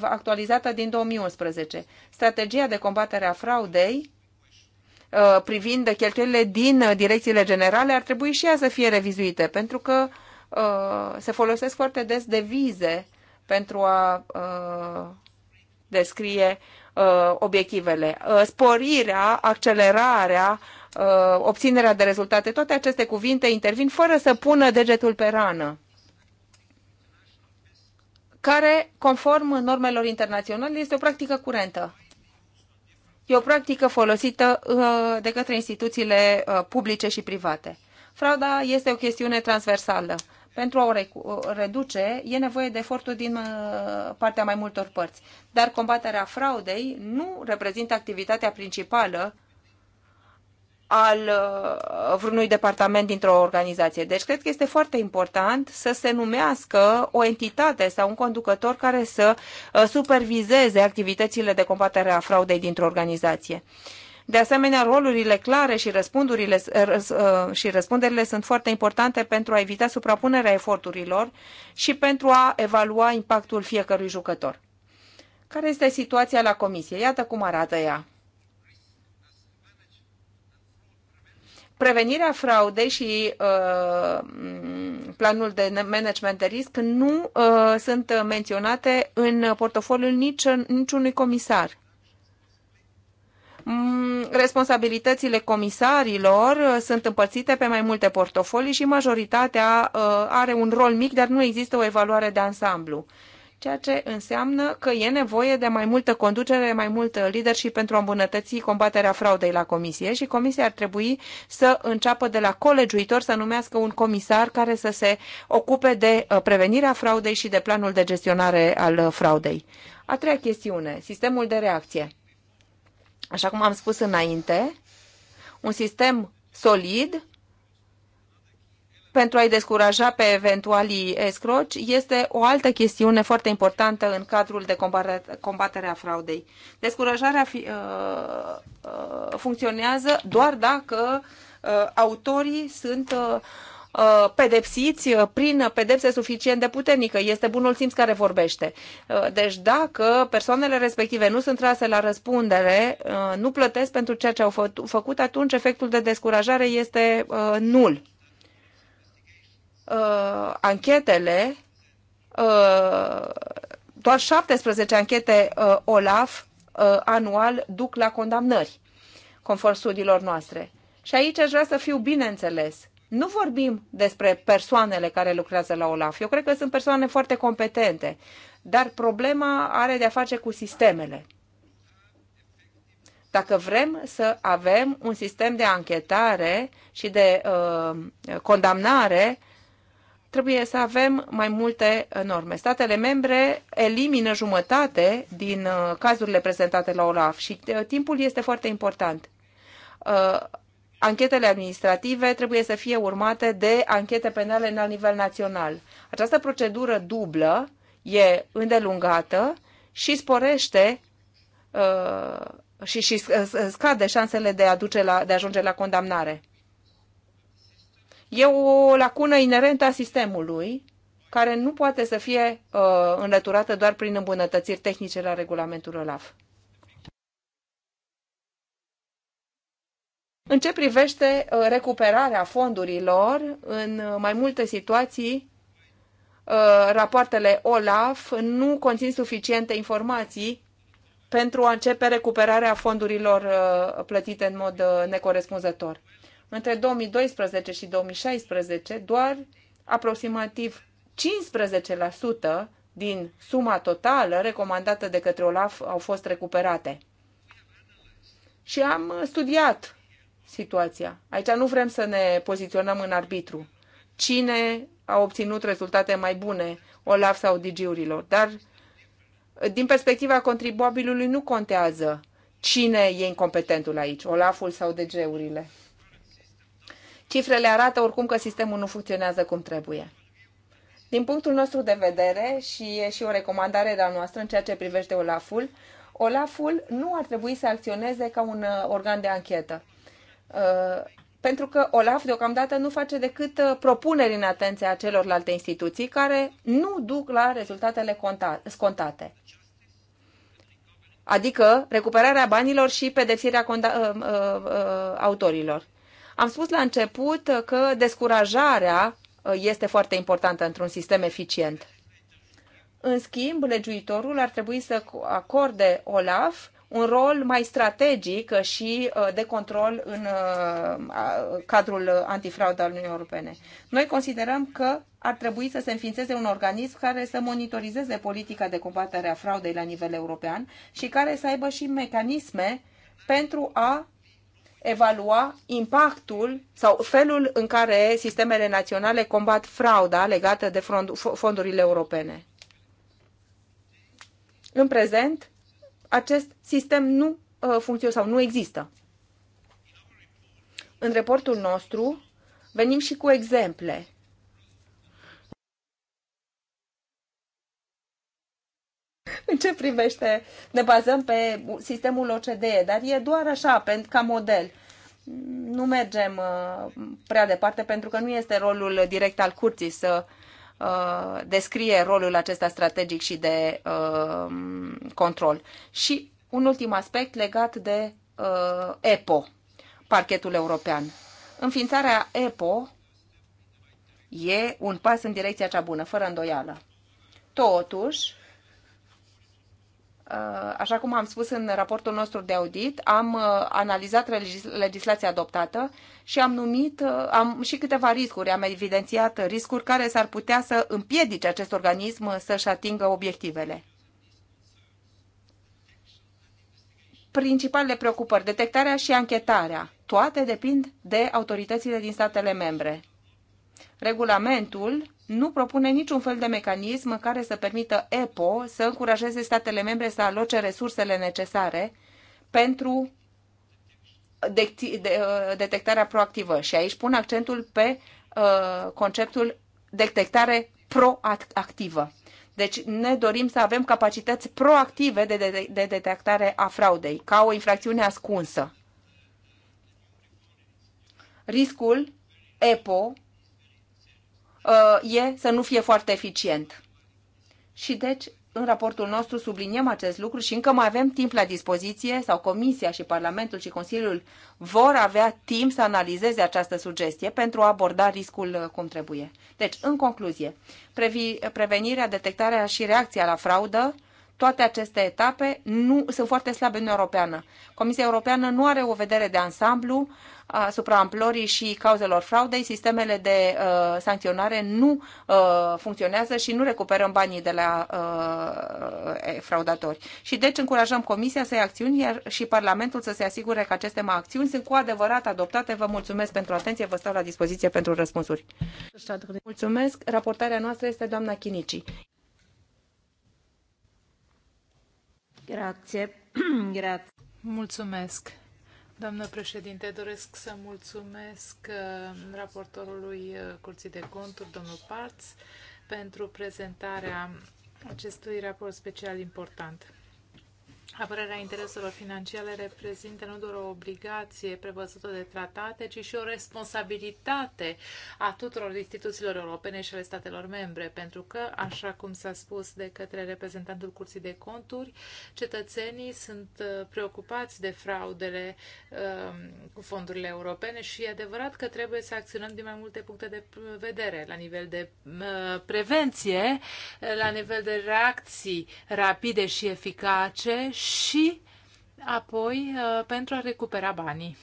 actualizată din 2011. Strategia de combatere a fraudei privind cheltuielile din direcțiile generale ar trebui și ea să fie revizuite, pentru că se folosesc foarte des devize pentru a descrie Uh, obiectivele. Uh, sporirea, accelerarea, uh, obținerea de rezultate, toate aceste cuvinte intervin fără să pună degetul pe rană care, conform normelor internaționale, este o practică curentă. E o practică folosită de către instituțiile publice și private. Frauda este o chestiune transversală pentru a o reduce, e nevoie de eforturi din uh, partea mai multor părți. Dar combaterea fraudei nu reprezintă activitatea principală al uh, vreunui departament dintr-o organizație. Deci cred că este foarte important să se numească o entitate sau un conducător care să uh, supervizeze activitățile de combatere a fraudei dintr-o organizație. De asemenea, rolurile clare și, răspundurile, uh, și răspunderile sunt foarte importante pentru a evita suprapunerea eforturilor și pentru a evalua impactul fiecărui jucător. Care este situația la comisie? Iată cum arată ea. prevenirea fraudei și uh, planul de management de risc nu uh, sunt menționate în portofoliul niciunui comisar. Mm, responsabilitățile comisarilor uh, sunt împărțite pe mai multe portofolii și majoritatea uh, are un rol mic, dar nu există o evaluare de ansamblu. Ceea ce înseamnă că e nevoie de mai multă conducere, mai mult uh, leadership pentru a îmbunătăți combaterea fraudei la comisie și comisia ar trebui să înceapă de la colegiuitor să numească un comisar care să se ocupe de prevenirea fraudei și de planul de gestionare al fraudei. A treia chestiune, sistemul de reacție așa cum am spus înainte, un sistem solid pentru a-i descuraja pe eventualii escroci este o altă chestiune foarte importantă în cadrul de combatere a fraudei. Descurajarea fi, uh, uh, funcționează doar dacă uh, autorii sunt uh, Uh, pedepsiți uh, prin pedepse suficient de puternică. Este bunul simț care vorbește. Uh, deci dacă persoanele respective nu sunt trase la răspundere, nu plătesc pentru ceea ce au făcut, atunci efectul de descurajare este nul. Anchetele, doar 17 anchete OLAF anual duc la condamnări, conform studiilor noastre. Și aici aș vrea să fiu bineînțeles nu vorbim despre persoanele care lucrează la OLAF. Eu cred că sunt persoane foarte competente, dar problema are de-a face cu sistemele. Dacă vrem să avem un sistem de anchetare și de uh, condamnare, trebuie să avem mai multe uh, norme. Statele membre elimină jumătate din uh, cazurile prezentate la OLAF și uh, timpul este foarte important. Uh, anchetele administrative trebuie să fie urmate de anchete penale la nivel național. Această procedură dublă e îndelungată și sporește uh, și, și uh, scade șansele de a, duce la, de a ajunge la condamnare. E o lacună inerentă a sistemului care nu poate să fie uh, înlăturată doar prin îmbunătățiri tehnice la regulamentul OLAF. În ce privește uh, recuperarea fondurilor, în uh, mai multe situații, uh, rapoartele OLAF nu conțin suficiente informații pentru a începe recuperarea fondurilor plătite în mod necorespunzător. Între 2012 și 2016, doar aproximativ 15% din suma totală recomandată de către OLAF au fost recuperate. Și am studiat situația. Aici nu vrem să ne poziționăm în arbitru. Cine a obținut rezultate mai bune, OLAF sau DG-urilor, dar din perspectiva contribuabilului nu contează cine e incompetentul aici, OLAF-ul sau DG-urile. Cifrele arată oricum că sistemul nu funcționează cum trebuie. Din punctul nostru de vedere, și e și o recomandare de-a noastră în ceea ce privește OLAF-ul, OLAF-ul nu ar trebui să acționeze ca un uh, organ de anchetă pentru că OLAF deocamdată nu face decât uh, propuneri în atenția celorlalte instituții care nu duc la rezultatele scontate. Adică recuperarea banilor și pedepsirea uh, uh, autorilor. Am spus la început că descurajarea este foarte importantă într-un sistem eficient. În schimb, legiuitorul ar trebui să acorde OLAF un rol mai strategic și uh, de control în uh, cadrul antifraudă al Uniunii Europene. Noi considerăm că ar trebui să se înființeze un organism care să monitorizeze politica de combatere a fraudei la nivel european și care să aibă și mecanisme pentru a evalua impactul sau felul în care sistemele naționale combat frauda legată de fondurile europene. În prezent, acest sistem nu uh, funcționează sau nu există. În raportul nostru venim și cu exemple în ce privește, ne bazăm pe sistemul OCDE, dar e doar așa, ca model. Nu mergem uh, prea departe pentru că nu este rolul direct al curții să Uh, descrie rolul acesta strategic și de uh, control. Și un ultim aspect legat de uh, EPO, parchetul european. Înființarea EPO e un pas în direcția cea bună, fără îndoială. Totuși, Uh, așa cum am spus în raportul nostru de audit, am uh, analizat legislația adoptată și am numit uh, am și câteva riscuri, am evidențiat riscuri care s-ar putea să împiedice acest organism să-și atingă obiectivele. Principalele preocupări, detectarea și anchetarea, toate depind de autoritățile din statele membre. Regulamentul nu propune niciun fel de mecanism care să permită EPO să încurajeze statele membre să aloce resursele necesare pentru de, de, uh, detectarea proactivă. Și aici pun accentul pe uh, conceptul detectare proactivă. Deci ne dorim să avem capacități proactive de, de, de detectare a fraudei, ca o infracțiune ascunsă. Riscul EPO Uh, e să nu fie foarte eficient. Și deci, în raportul nostru subliniem acest lucru și încă mai avem timp la dispoziție sau Comisia și Parlamentul și Consiliul vor avea timp să analizeze această sugestie pentru a aborda riscul uh, cum trebuie. Deci, în concluzie, prevenirea, detectarea și reacția la fraudă toate aceste etape nu, sunt foarte slabe în Europeană. Comisia Europeană nu are o vedere de ansamblu asupra amplorii și cauzelor fraudei, sistemele de uh, sancționare nu uh, funcționează și nu recuperăm banii de la uh, fraudatori. Și deci încurajăm Comisia să ia acțiuni iar și Parlamentul să se asigure că aceste acțiuni sunt cu adevărat adoptate. Vă mulțumesc pentru atenție, vă stau la dispoziție pentru răspunsuri. Mulțumesc. Raportarea noastră este doamna Chinici. Grazie. [CLEARS THROAT] Grazie. Mulțumesc. Doamnă președinte, doresc să mulțumesc uh, raportorului uh, Curții de Conturi, domnul Parț, pentru prezentarea acestui raport special important. Apărarea intereselor financiare reprezintă nu doar o obligație prevăzută de tratate, ci și o responsabilitate a tuturor instituțiilor europene și ale statelor membre, pentru că, așa cum s-a spus de către reprezentantul Curții de Conturi, cetățenii sunt uh, preocupați de fraudele um, cu fondurile europene și e adevărat că trebuie să acționăm din mai multe puncte de vedere, la nivel de uh, prevenție, la nivel de reacții rapide și eficace și apoi uh, pentru a recupera banii.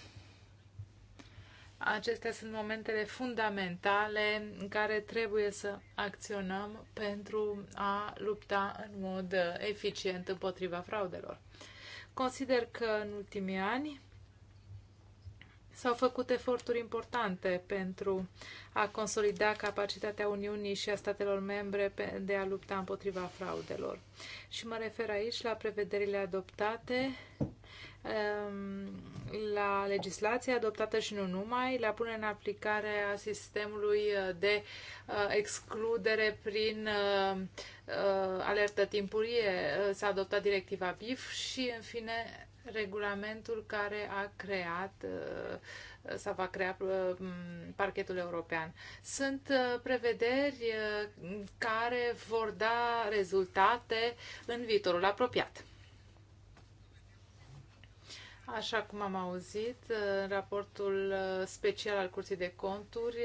Acestea sunt momentele fundamentale în care trebuie să acționăm pentru a lupta în mod eficient împotriva fraudelor. Consider că în ultimii ani S-au făcut eforturi importante pentru a consolida capacitatea Uniunii și a statelor membre de a lupta împotriva fraudelor. Și mă refer aici la prevederile adoptate, um, la legislația adoptată și nu numai, la punerea în aplicare a sistemului de uh, excludere prin uh, uh, alertă timpurie. S-a adoptat directiva BIF și, în fine, regulamentul care a creat uh, sau va crea uh, parchetul european. Sunt uh, prevederi care vor da rezultate în viitorul apropiat. Așa cum am auzit, raportul special al Curții de Conturi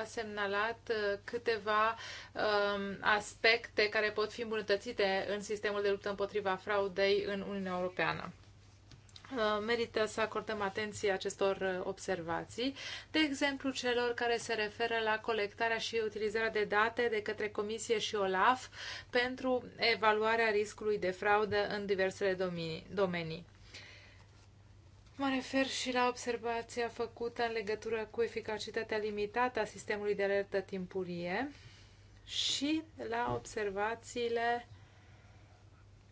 a semnalat câteva um, aspecte care pot fi îmbunătățite în sistemul de luptă împotriva fraudei în Uniunea Europeană. Uh, merită să acordăm atenție acestor uh, observații, de exemplu celor care se referă la colectarea și utilizarea de date de către Comisie și OLAF pentru evaluarea riscului de fraudă în diversele domenii. Mă refer și la observația făcută în legătură cu eficacitatea limitată a sistemului de alertă timpurie și la observațiile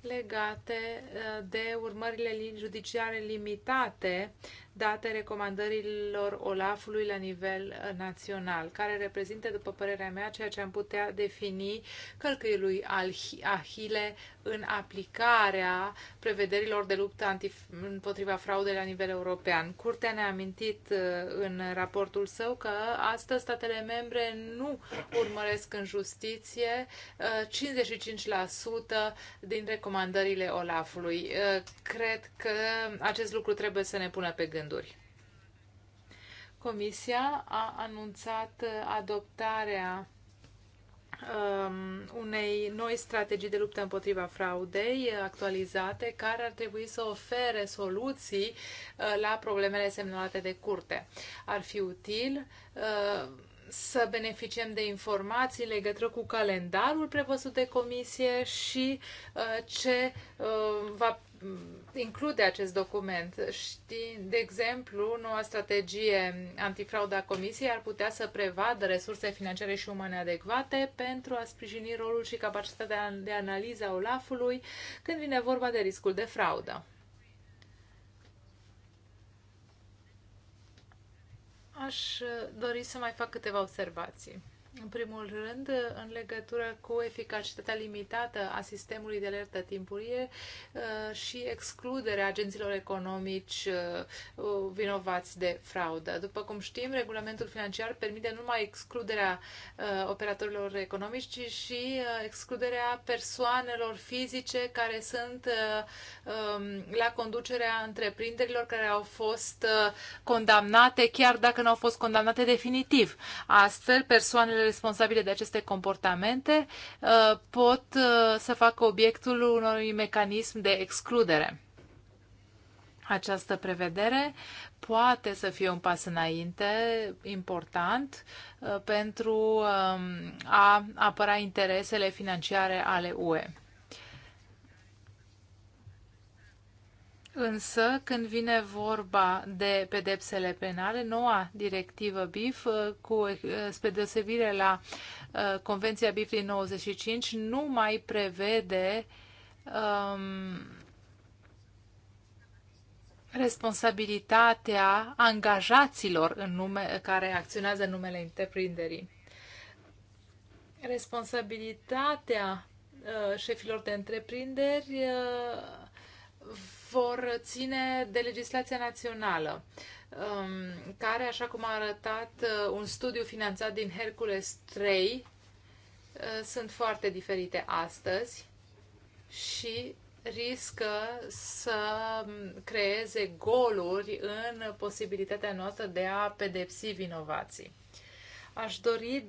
legate uh, de urmările judiciare limitate date recomandărilor Olafului la nivel uh, național, care reprezintă, după părerea mea, ceea ce am putea defini călcâiul lui Ahile în aplicarea prevederilor de luptă împotriva fraudei la nivel european. Curtea ne-a amintit uh, în raportul său că astăzi statele membre nu urmăresc în justiție 55% uh, din recomandările Olafului. Cred că acest lucru trebuie să ne pună pe gând gânduri. Comisia a anunțat adoptarea um, unei noi strategii de luptă împotriva fraudei uh, actualizate, care ar trebui să ofere soluții uh, la problemele semnalate de curte. Ar fi util uh, să beneficiem de informații legătură cu calendarul prevăzut de comisie și ce va include acest document. Știi, de exemplu, noua strategie antifrauda Comisiei ar putea să prevadă resurse financiare și umane adecvate pentru a sprijini rolul și capacitatea de analiză a OLAF-ului când vine vorba de riscul de fraudă. Aș dori să mai fac câteva observații. În primul rând, în legătură cu eficacitatea limitată a sistemului de alertă timpurie uh, și excluderea agenților economici uh, uh, vinovați de fraudă. După cum știm, regulamentul financiar permite numai excluderea operatorilor economici, ci și excluderea persoanelor fizice care sunt um, la conducerea întreprinderilor care au fost condamnate, chiar dacă nu au fost condamnate definitiv. Astfel, persoanele responsabile de aceste comportamente uh, pot uh, să facă obiectul unui mecanism de excludere. Această prevedere poate să fie un pas înainte important uh, pentru um, a apăra interesele financiare ale UE. Însă, când vine vorba de pedepsele penale, noua directivă BIF, uh, cu, uh, spre deosebire la uh, Convenția BIF din 95, nu mai prevede um, responsabilitatea angajaților în nume, care acționează în numele întreprinderii. Responsabilitatea uh, șefilor de întreprinderi uh, vor ține de legislația națională, um, care, așa cum a arătat uh, un studiu finanțat din Hercules 3, uh, sunt foarte diferite astăzi și riscă să creeze goluri în posibilitatea noastră de a pedepsi vinovații. Aș dori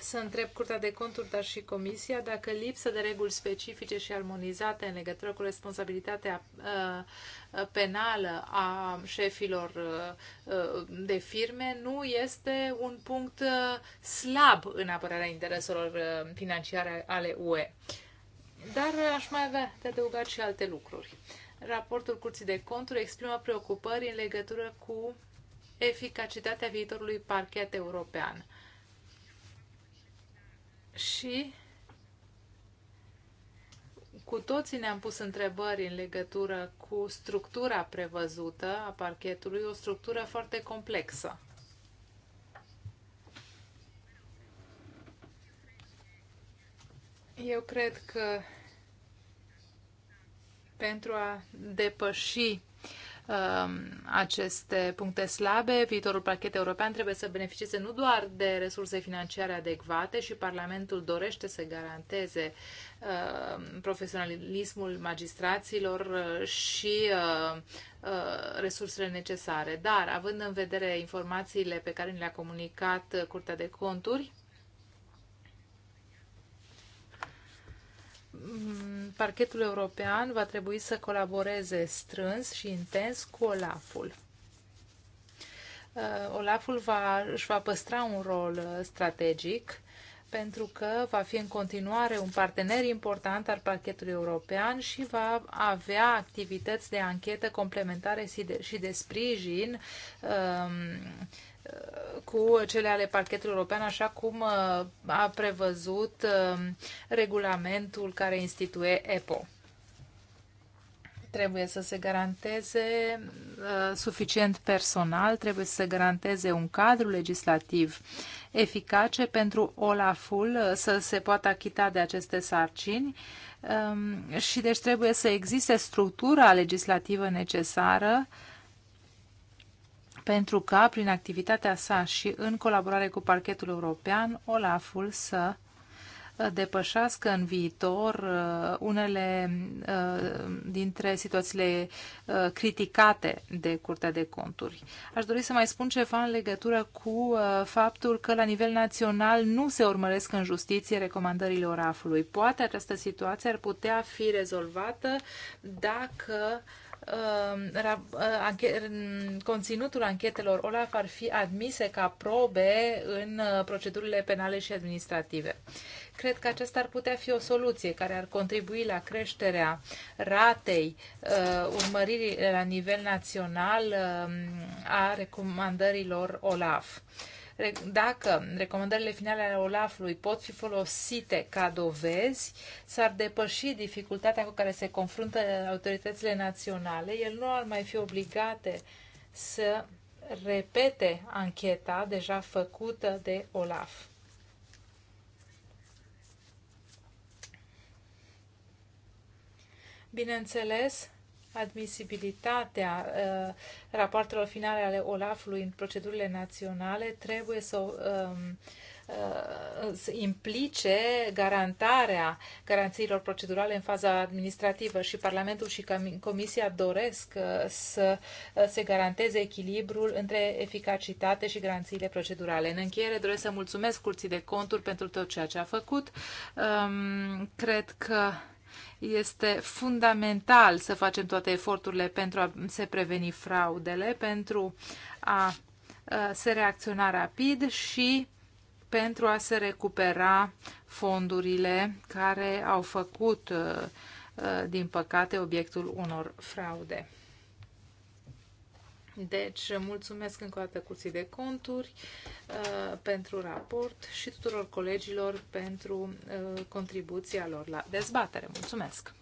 să întreb Curtea de Conturi, dar și Comisia, dacă lipsă de reguli specifice și armonizate în legătură cu responsabilitatea uh, penală a șefilor uh, uh, de firme nu este un punct slab în apărarea intereselor financiare ale UE. Dar aș mai avea de adăugat și alte lucruri. Raportul Curții de Conturi exprimă preocupări în legătură cu eficacitatea viitorului parchet european și cu toții ne-am pus întrebări în legătură cu structura prevăzută a parchetului, o structură foarte complexă. Eu cred că pentru a depăși Um, aceste puncte slabe. Viitorul pachet european trebuie să beneficieze nu doar de resurse financiare adecvate și Parlamentul dorește să garanteze um, profesionalismul magistraților uh, și uh, uh, resursele necesare. Dar, având în vedere informațiile pe care ni le-a comunicat Curtea de Conturi, parchetul european va trebui să colaboreze strâns și intens cu OLAF-ul. Uh, OLAF-ul va, își va păstra un rol uh, strategic pentru că va fi în continuare un partener important al parchetului european și va avea activități de anchetă complementare și de, și de sprijin um, cu cele ale parchetului european, așa cum uh, a prevăzut um, regulamentul care instituie EPO. Trebuie să se garanteze uh, suficient personal, trebuie să se garanteze un cadru legislativ eficace pentru Olaful uh, să se poată achita de aceste sarcini um, și deci trebuie să existe structura legislativă necesară uh, pentru ca, prin activitatea sa și în colaborare cu parchetul european, Olaful să uh, depășească în viitor uh, unele uh, dintre situațiile criticate de Curtea de Conturi. Aș dori să mai spun ceva în legătură cu faptul că la nivel național nu se urmăresc în justiție recomandările orafului. Poate această situație ar putea fi rezolvată dacă uh, Um, uh, conținutul anchetelor OLAF ar fi admise ca probe în uh, procedurile penale și administrative. Cred că aceasta ar putea fi o soluție care ar contribui la creșterea ratei uh, urmăririi la nivel național um, a recomandărilor OLAF. Dacă recomandările finale ale Olafului pot fi folosite ca dovezi, s-ar depăși dificultatea cu care se confruntă autoritățile naționale. El nu ar mai fi obligate să repete ancheta deja făcută de OLAF. Bineînțeles, admisibilitatea uh, rapoartelor finale ale Olafului în procedurile naționale trebuie să um, uh, să implice garantarea garanțiilor procedurale în faza administrativă și Parlamentul și Comisia doresc uh, să uh, se garanteze echilibrul între eficacitate și garanțiile procedurale. În încheiere doresc să mulțumesc Curții de Conturi pentru tot ceea ce a făcut. Um, cred că este fundamental să facem toate eforturile pentru a se preveni fraudele, pentru a se reacționa rapid și pentru a se recupera fondurile care au făcut, din păcate, obiectul unor fraude. Deci, mulțumesc încă o dată Curții de Conturi uh, pentru raport și tuturor colegilor pentru uh, contribuția lor la dezbatere. Mulțumesc!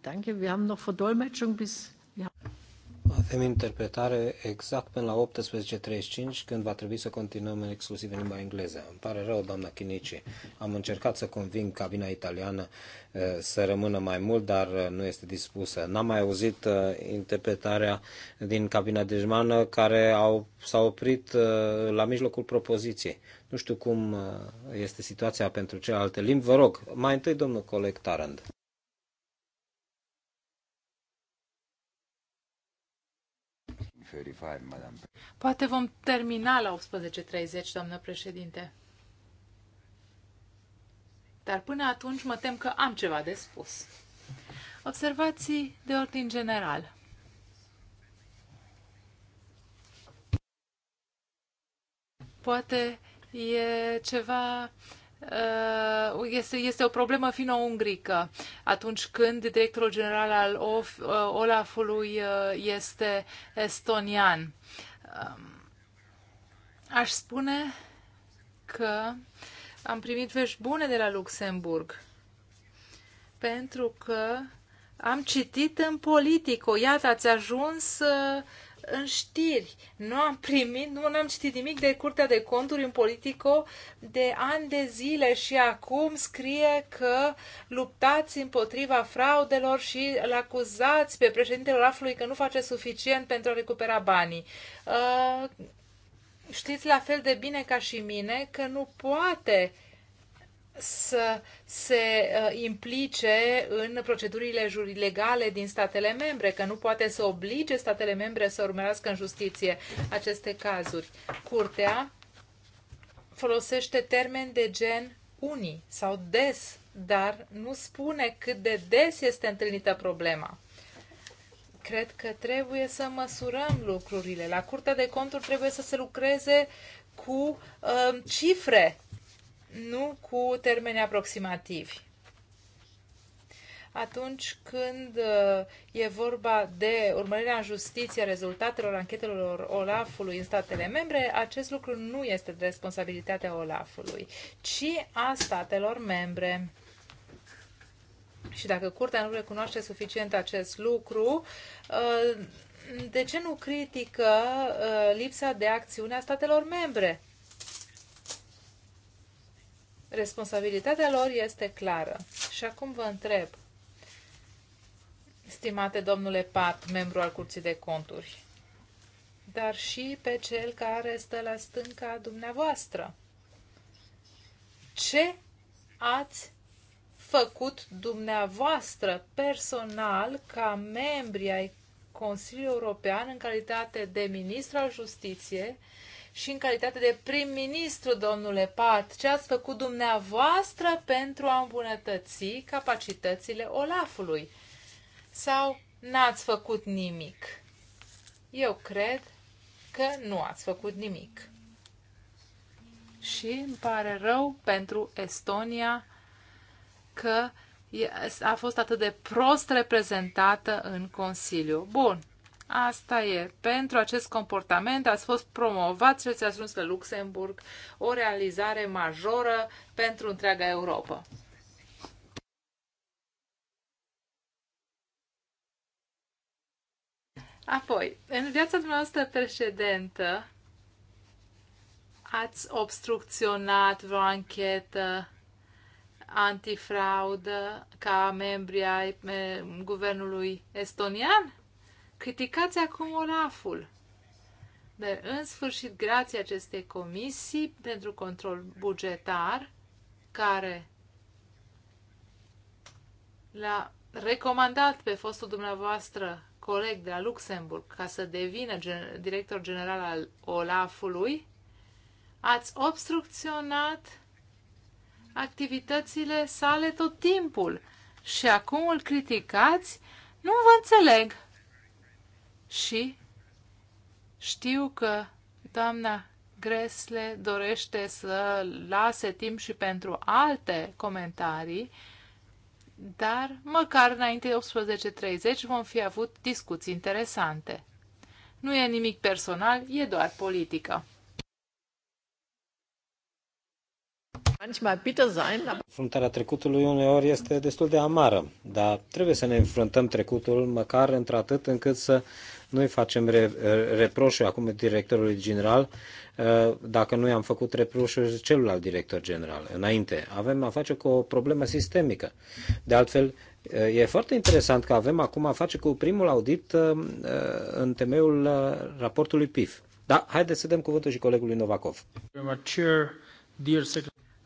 Danke, wir haben noch Verdolmetschung bis avem interpretare exact până la 18.35, când va trebui să continuăm în exclusiv în limba engleză. Îmi pare rău, doamna Chinici. Am încercat să conving cabina italiană eh, să rămână mai mult, dar eh, nu este dispusă. N-am mai auzit eh, interpretarea din cabina de germană, care au, s-a oprit la mijlocul propoziției. Nu știu cum este situația pentru celelalte limbi. Vă rog, mai întâi domnul colectarând. Tarand. Poate vom termina la 18.30, doamnă președinte. Dar până atunci mă tem că am ceva de spus. Observații de ordin general. Poate e ceva Uh, este, este o problemă fino-ungrică atunci când directorul general al of, uh, Olafului uh, este estonian. Um, aș spune că am primit vești bune de la Luxemburg pentru că am citit în politico. Iată, ați ajuns uh, în știri. Nu am primit, nu am citit nimic de Curtea de Conturi în Politico de ani de zile și acum scrie că luptați împotriva fraudelor și îl acuzați pe președintele Olafului că nu face suficient pentru a recupera banii. Uh, știți la fel de bine ca și mine că nu poate să se uh, implice în procedurile legale din statele membre, că nu poate să oblige statele membre să urmărească în justiție aceste cazuri. Curtea folosește termeni de gen unii sau des, dar nu spune cât de des este întâlnită problema. Cred că trebuie să măsurăm lucrurile. La Curtea de Conturi trebuie să se lucreze cu uh, cifre nu cu termeni aproximativi. Atunci când uh, e vorba de urmărirea în justiție rezultatelor anchetelor Olafului în statele membre, acest lucru nu este de responsabilitatea Olafului, ci a statelor membre. Și dacă curtea nu recunoaște suficient acest lucru, uh, de ce nu critică uh, lipsa de acțiune a statelor membre? Responsabilitatea lor este clară. Și acum vă întreb, stimate domnule Pat, membru al Curții de Conturi, dar și pe cel care stă la stânca dumneavoastră. Ce ați făcut dumneavoastră personal ca membri ai Consiliului European în calitate de ministru al justiției și în calitate de prim-ministru, domnule Pat, ce ați făcut dumneavoastră pentru a îmbunătăți capacitățile Olafului? Sau n-ați făcut nimic? Eu cred că nu ați făcut nimic. Și îmi pare rău pentru Estonia că a fost atât de prost reprezentată în Consiliu. Bun, Asta e. Pentru acest comportament ați fost promovat și ați ajuns la Luxemburg o realizare majoră pentru întreaga Europa. Apoi, în viața dumneavoastră precedentă, ați obstrucționat vreo anchetă antifraudă ca membri ai eh, guvernului estonian? Criticați acum Olaful. Dar, în sfârșit, grație acestei comisii pentru control bugetar, care l-a recomandat pe fostul dumneavoastră coleg de la Luxemburg ca să devină gen- director general al Olafului, ați obstrucționat activitățile sale tot timpul și acum îl criticați? Nu vă înțeleg și știu că doamna Gresle dorește să lase timp și pentru alte comentarii, dar măcar înainte de 18.30 vom fi avut discuții interesante. Nu e nimic personal, e doar politică. Înfruntarea trecutului uneori este destul de amară, dar trebuie să ne înfruntăm trecutul măcar într-atât încât să nu-i facem re- reproșuri acum directorului general eh, dacă nu i-am făcut reproșuri celuilalt director general înainte. Avem a face cu o problemă sistemică. De altfel, eh, e foarte interesant că avem acum a face cu primul audit eh, în temeiul raportului PIF. Da, haideți să dăm cuvântul și colegului Novakov.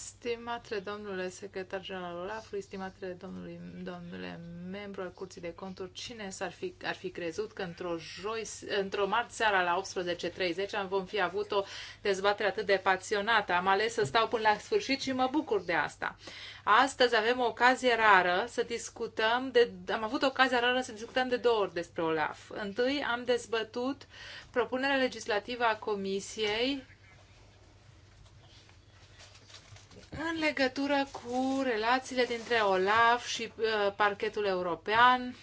Stimatele domnule secretar general Olafului, stimatele domnului, domnule membru al Curții de Conturi, cine s-ar fi, ar fi crezut că într-o, joi, într-o marți seara la 18.30 am vom fi avut o dezbatere atât de pasionată. Am ales să stau până la sfârșit și mă bucur de asta. Astăzi avem o ocazie rară să discutăm, de, am avut ocazia rară să discutăm de două ori despre Olaf. Întâi am dezbătut propunerea legislativă a Comisiei În legătură cu relațiile dintre OLAF și uh, parchetul european,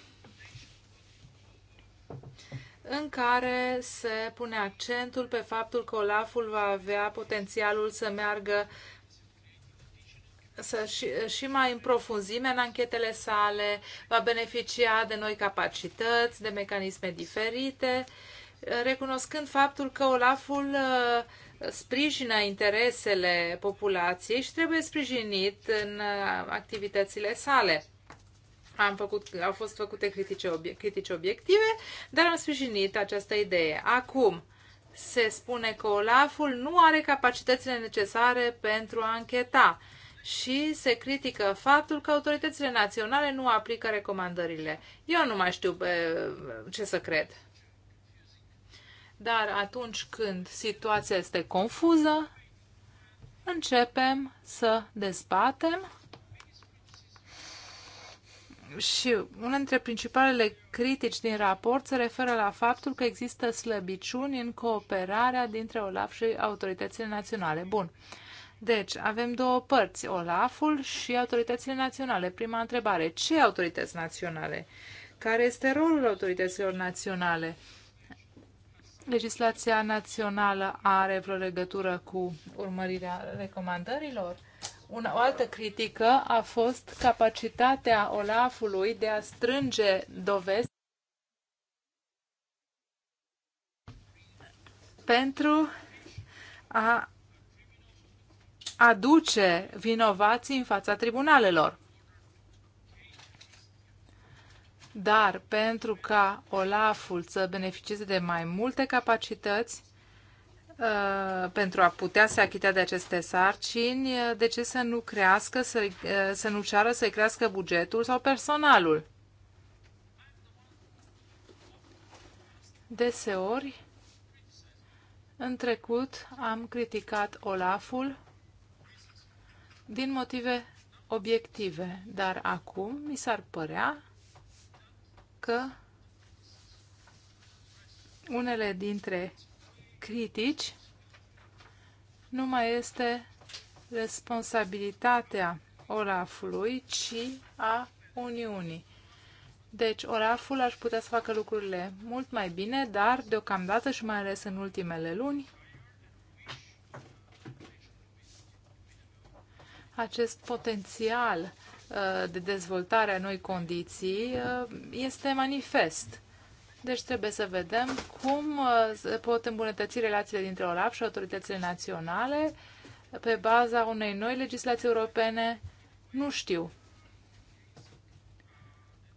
în care se pune accentul pe faptul că Olaful va avea potențialul să meargă să și, și mai în profunzime în anchetele sale, va beneficia de noi capacități, de mecanisme diferite, recunoscând faptul că Olaful uh, sprijină interesele populației și trebuie sprijinit în uh, activitățile sale. Am făcut, au fost făcute critice, obie, critice obiective, dar am sprijinit această idee. Acum, se spune că Olaful nu are capacitățile necesare pentru a încheta și se critică faptul că autoritățile naționale nu aplică recomandările. Eu nu mai știu ce să cred. Dar atunci când situația este confuză, începem să dezbatem și una dintre principalele critici din raport se referă la faptul că există slăbiciuni în cooperarea dintre OLAF și autoritățile naționale. Bun. Deci, avem două părți, OLAF-ul și autoritățile naționale. Prima întrebare, ce autorități naționale? Care este rolul autorităților naționale? legislația națională are vreo legătură cu urmărirea recomandărilor? Una, o altă critică a fost capacitatea Olafului de a strânge dovezi pentru a aduce vinovații în fața tribunalelor. Dar pentru ca Olaful să beneficieze de mai multe capacități uh, pentru a putea să achita de aceste sarcini, uh, de ce să nu crească, să, uh, să nu ceară să crească bugetul sau personalul? Deseori, în trecut, am criticat Olaful din motive obiective, dar acum mi s-ar părea că unele dintre critici nu mai este responsabilitatea Olafului, ci a Uniunii. Deci, Olaful ar putea să facă lucrurile mult mai bine, dar deocamdată și mai ales în ultimele luni, acest potențial Uh, de dezvoltare a noi condiții uh, este manifest. Deci trebuie să vedem cum uh, pot îmbunătăți relațiile dintre OLAF și autoritățile naționale pe baza unei noi legislații europene. Nu știu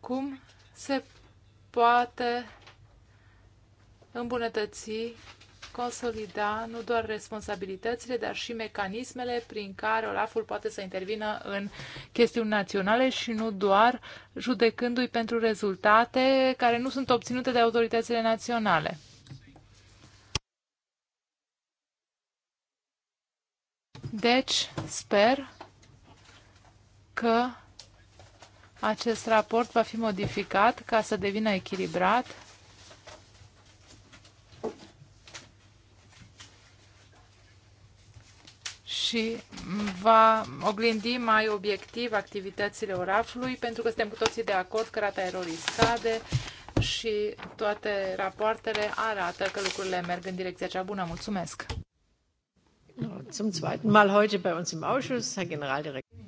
cum se poate îmbunătăți consolida nu doar responsabilitățile, dar și mecanismele prin care Olaful poate să intervină în chestiuni naționale și nu doar judecându-i pentru rezultate care nu sunt obținute de autoritățile naționale. Deci, sper că acest raport va fi modificat ca să devină echilibrat și va oglindi mai obiectiv activitățile orașului, pentru că suntem cu toții de acord că rata erorii scade și toate rapoartele arată că lucrurile merg în direcția cea bună. Mulțumesc! Zum zweiten Mal heute bei uns im Ausschuss, Herr Generaldirektor.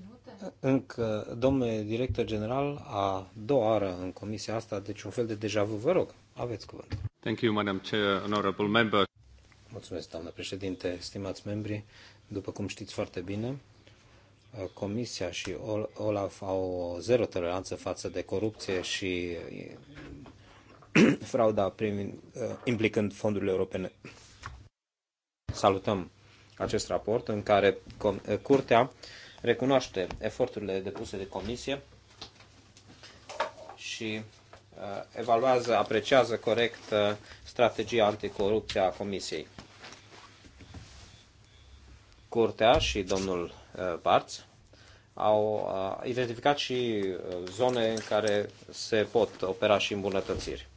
Încă, domnule director general, a doua oară în comisia asta, deci un fel de deja vu, vă rog, aveți cuvânt. Thank you, Madam Chair, Honorable Member. Mulțumesc, doamnă președinte, stimați membri. După cum știți foarte bine, uh, Comisia și Olaf au zero toleranță față de corupție și uh, [COUGHS] frauda prin, uh, implicând fondurile europene. Salutăm acest raport în care Curtea recunoaște eforturile depuse de Comisie și evaluează, apreciază corect strategia anticorupție a Comisiei. Curtea și domnul uh, Barț au uh, identificat și uh, zone în care se pot opera și îmbunătățiri.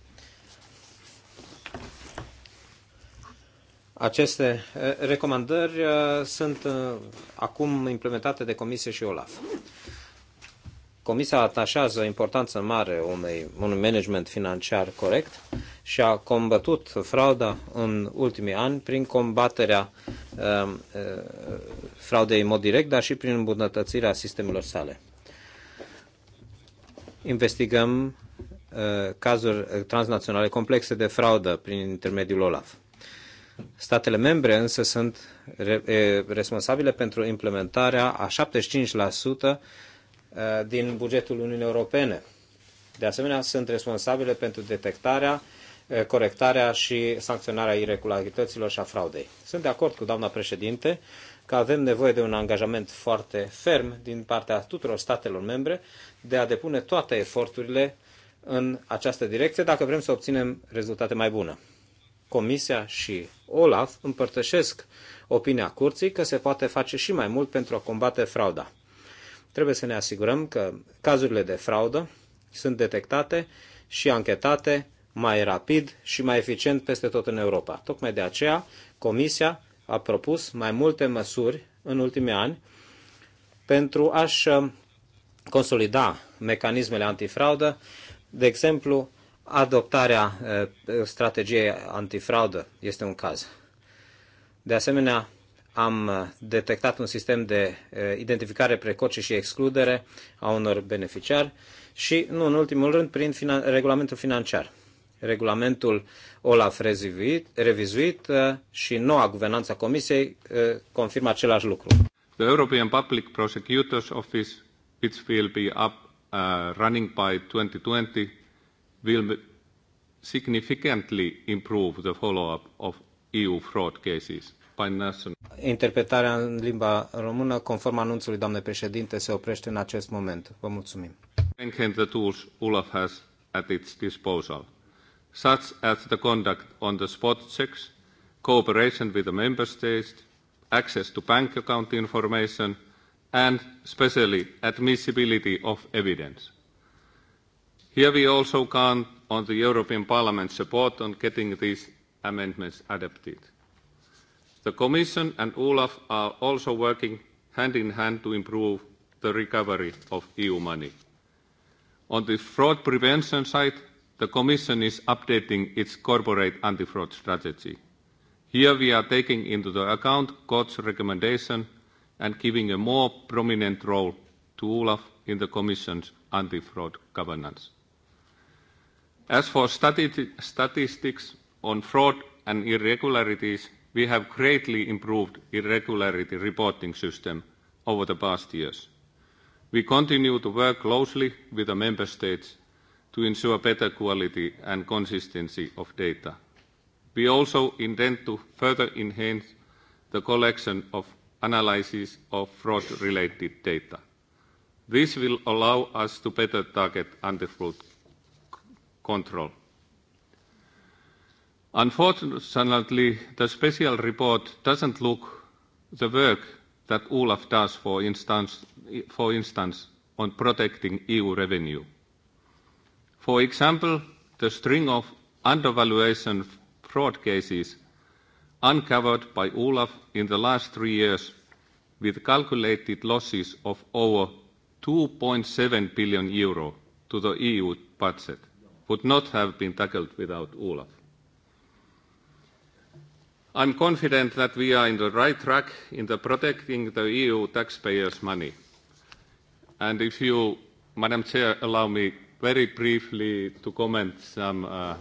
Aceste recomandări sunt acum implementate de Comisie și OLAF. Comisia atașează o importanță mare unei, unui management financiar corect și a combătut frauda în ultimii ani prin combaterea um, uh, fraudei în mod direct, dar și prin îmbunătățirea sistemelor sale. Investigăm uh, cazuri uh, transnaționale complexe de fraudă prin intermediul OLAF. Statele membre însă sunt re, e, responsabile pentru implementarea a 75% Uh, din bugetul Uniunii Europene. De asemenea, sunt responsabile pentru detectarea, uh, corectarea și sancționarea irregularităților și a fraudei. Sunt de acord cu doamna președinte că avem nevoie de un angajament foarte ferm din partea tuturor statelor membre de a depune toate eforturile în această direcție dacă vrem să obținem rezultate mai bune. Comisia și OLAF împărtășesc opinia curții că se poate face și mai mult pentru a combate frauda. Trebuie să ne asigurăm că cazurile de fraudă sunt detectate și anchetate mai rapid și mai eficient peste tot în Europa. Tocmai de aceea, Comisia a propus mai multe măsuri în ultimii ani pentru a-și uh, consolida mecanismele antifraudă, de exemplu, adoptarea uh, strategiei antifraudă este un caz. De asemenea, am uh, detectat un sistem de uh, identificare precoce și excludere a unor beneficiari și, nu în ultimul rând, prin finan- regulamentul financiar. Regulamentul OLAF rezivuit, revizuit uh, și noua guvernanță a Comisiei confirmă același lucru. The European Public Prosecutor's Office, which will be up uh, running by 2020, will significantly improve the follow-up of EU fraud cases. Interpretarea în limba română, conform anunțului doamnei președinte, se oprește în acest moment. Vă mulțumim. the tools Olaf has at its disposal, such as the conduct on the spot checks, cooperation with the member states, access to bank account information, and especially admissibility of evidence. Here we also count on the European Parliament's support on getting these amendments adopted. The Commission and Olaf are also working hand in hand to improve the recovery of EU money. On the fraud prevention side, the Commission is updating its corporate anti-fraud strategy. Here we are taking into the account court's recommendation and giving a more prominent role to Olaf in the Commission's anti-fraud governance. As for statistics on fraud and irregularities, we have greatly improved irregularity reporting system over the past years. We continue to work closely with the member states to ensure better quality and consistency of data. We also intend to further enhance the collection of analysis of fraud-related data. This will allow us to better target anti fraud control. Unfortunately, the special report doesn't look the work that Olaf does, for instance, for instance, on protecting EU revenue. For example, the string of undervaluation fraud cases uncovered by Olaf in the last three years with calculated losses of over 2.7 billion euro to the EU budget would not have been tackled without Olaf. I'm confident that we are in the right track in the protecting the EU taxpayers' money. And if you, Madam Chair, allow me very briefly to comment some uh,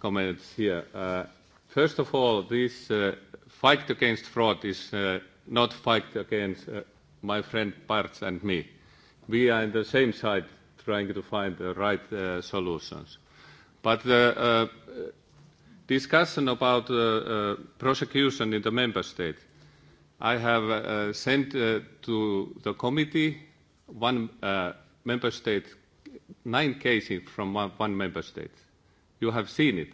comments here. Uh, first of all, this uh, fight against fraud is uh, not fight against uh, my friend Parts and me. We are on the same side trying to find the right uh, solutions. But the uh, uh, discussion about uh, uh, prosecution in the member state. I have uh, sent to the committee one member state, nine cases from one, one member state. You have seen it.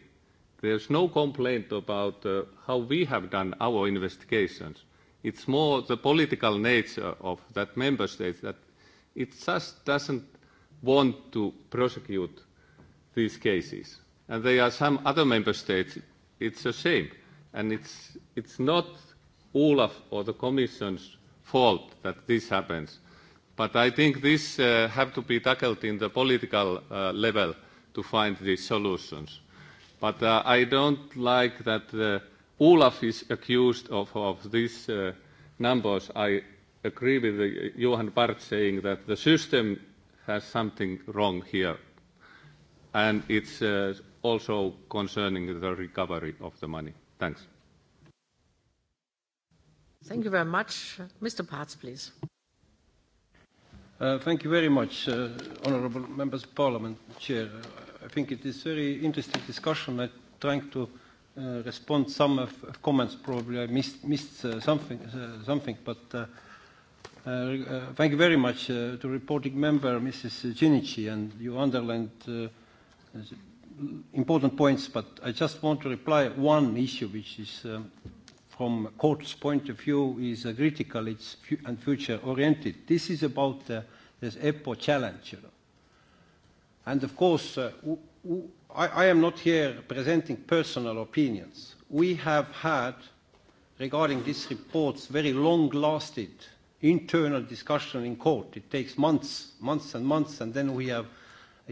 There's no complaint about uh, how we have done our investigations. It's more the political nature of that member state that it just doesn't want to prosecute these cases and there are some other member states, it's the same. And it's, it's not Olaf or the Commission's fault that this happens. But I think this uh, have to be tackled in the political uh, level to find these solutions. But uh, I don't like that uh, Olaf is accused of, of these uh, numbers. I agree with the, uh, Johan Bart saying that the system has something wrong here and it's uh, also concerning the recovery of the money. Thanks. Thank you very much. Mr. Parts, please. Uh, thank you very much, uh, honorable members of parliament, chair. I think it is very interesting discussion. I'm trying to uh, respond some of, of comments. Probably I missed, missed uh, something, uh, something, but uh, uh, uh, thank you very much uh, to reporting member, Mrs. Ginici, and you underlined uh, important points, but I just want to reply one issue which is um, from court's point of view is critical it's fu and future oriented. This is about uh, this EPO challenge. You know. And of course, uh, I, I am not here presenting personal opinions. We have had, regarding these reports, very long-lasting internal discussion in court. It takes months, months and months, and then we have –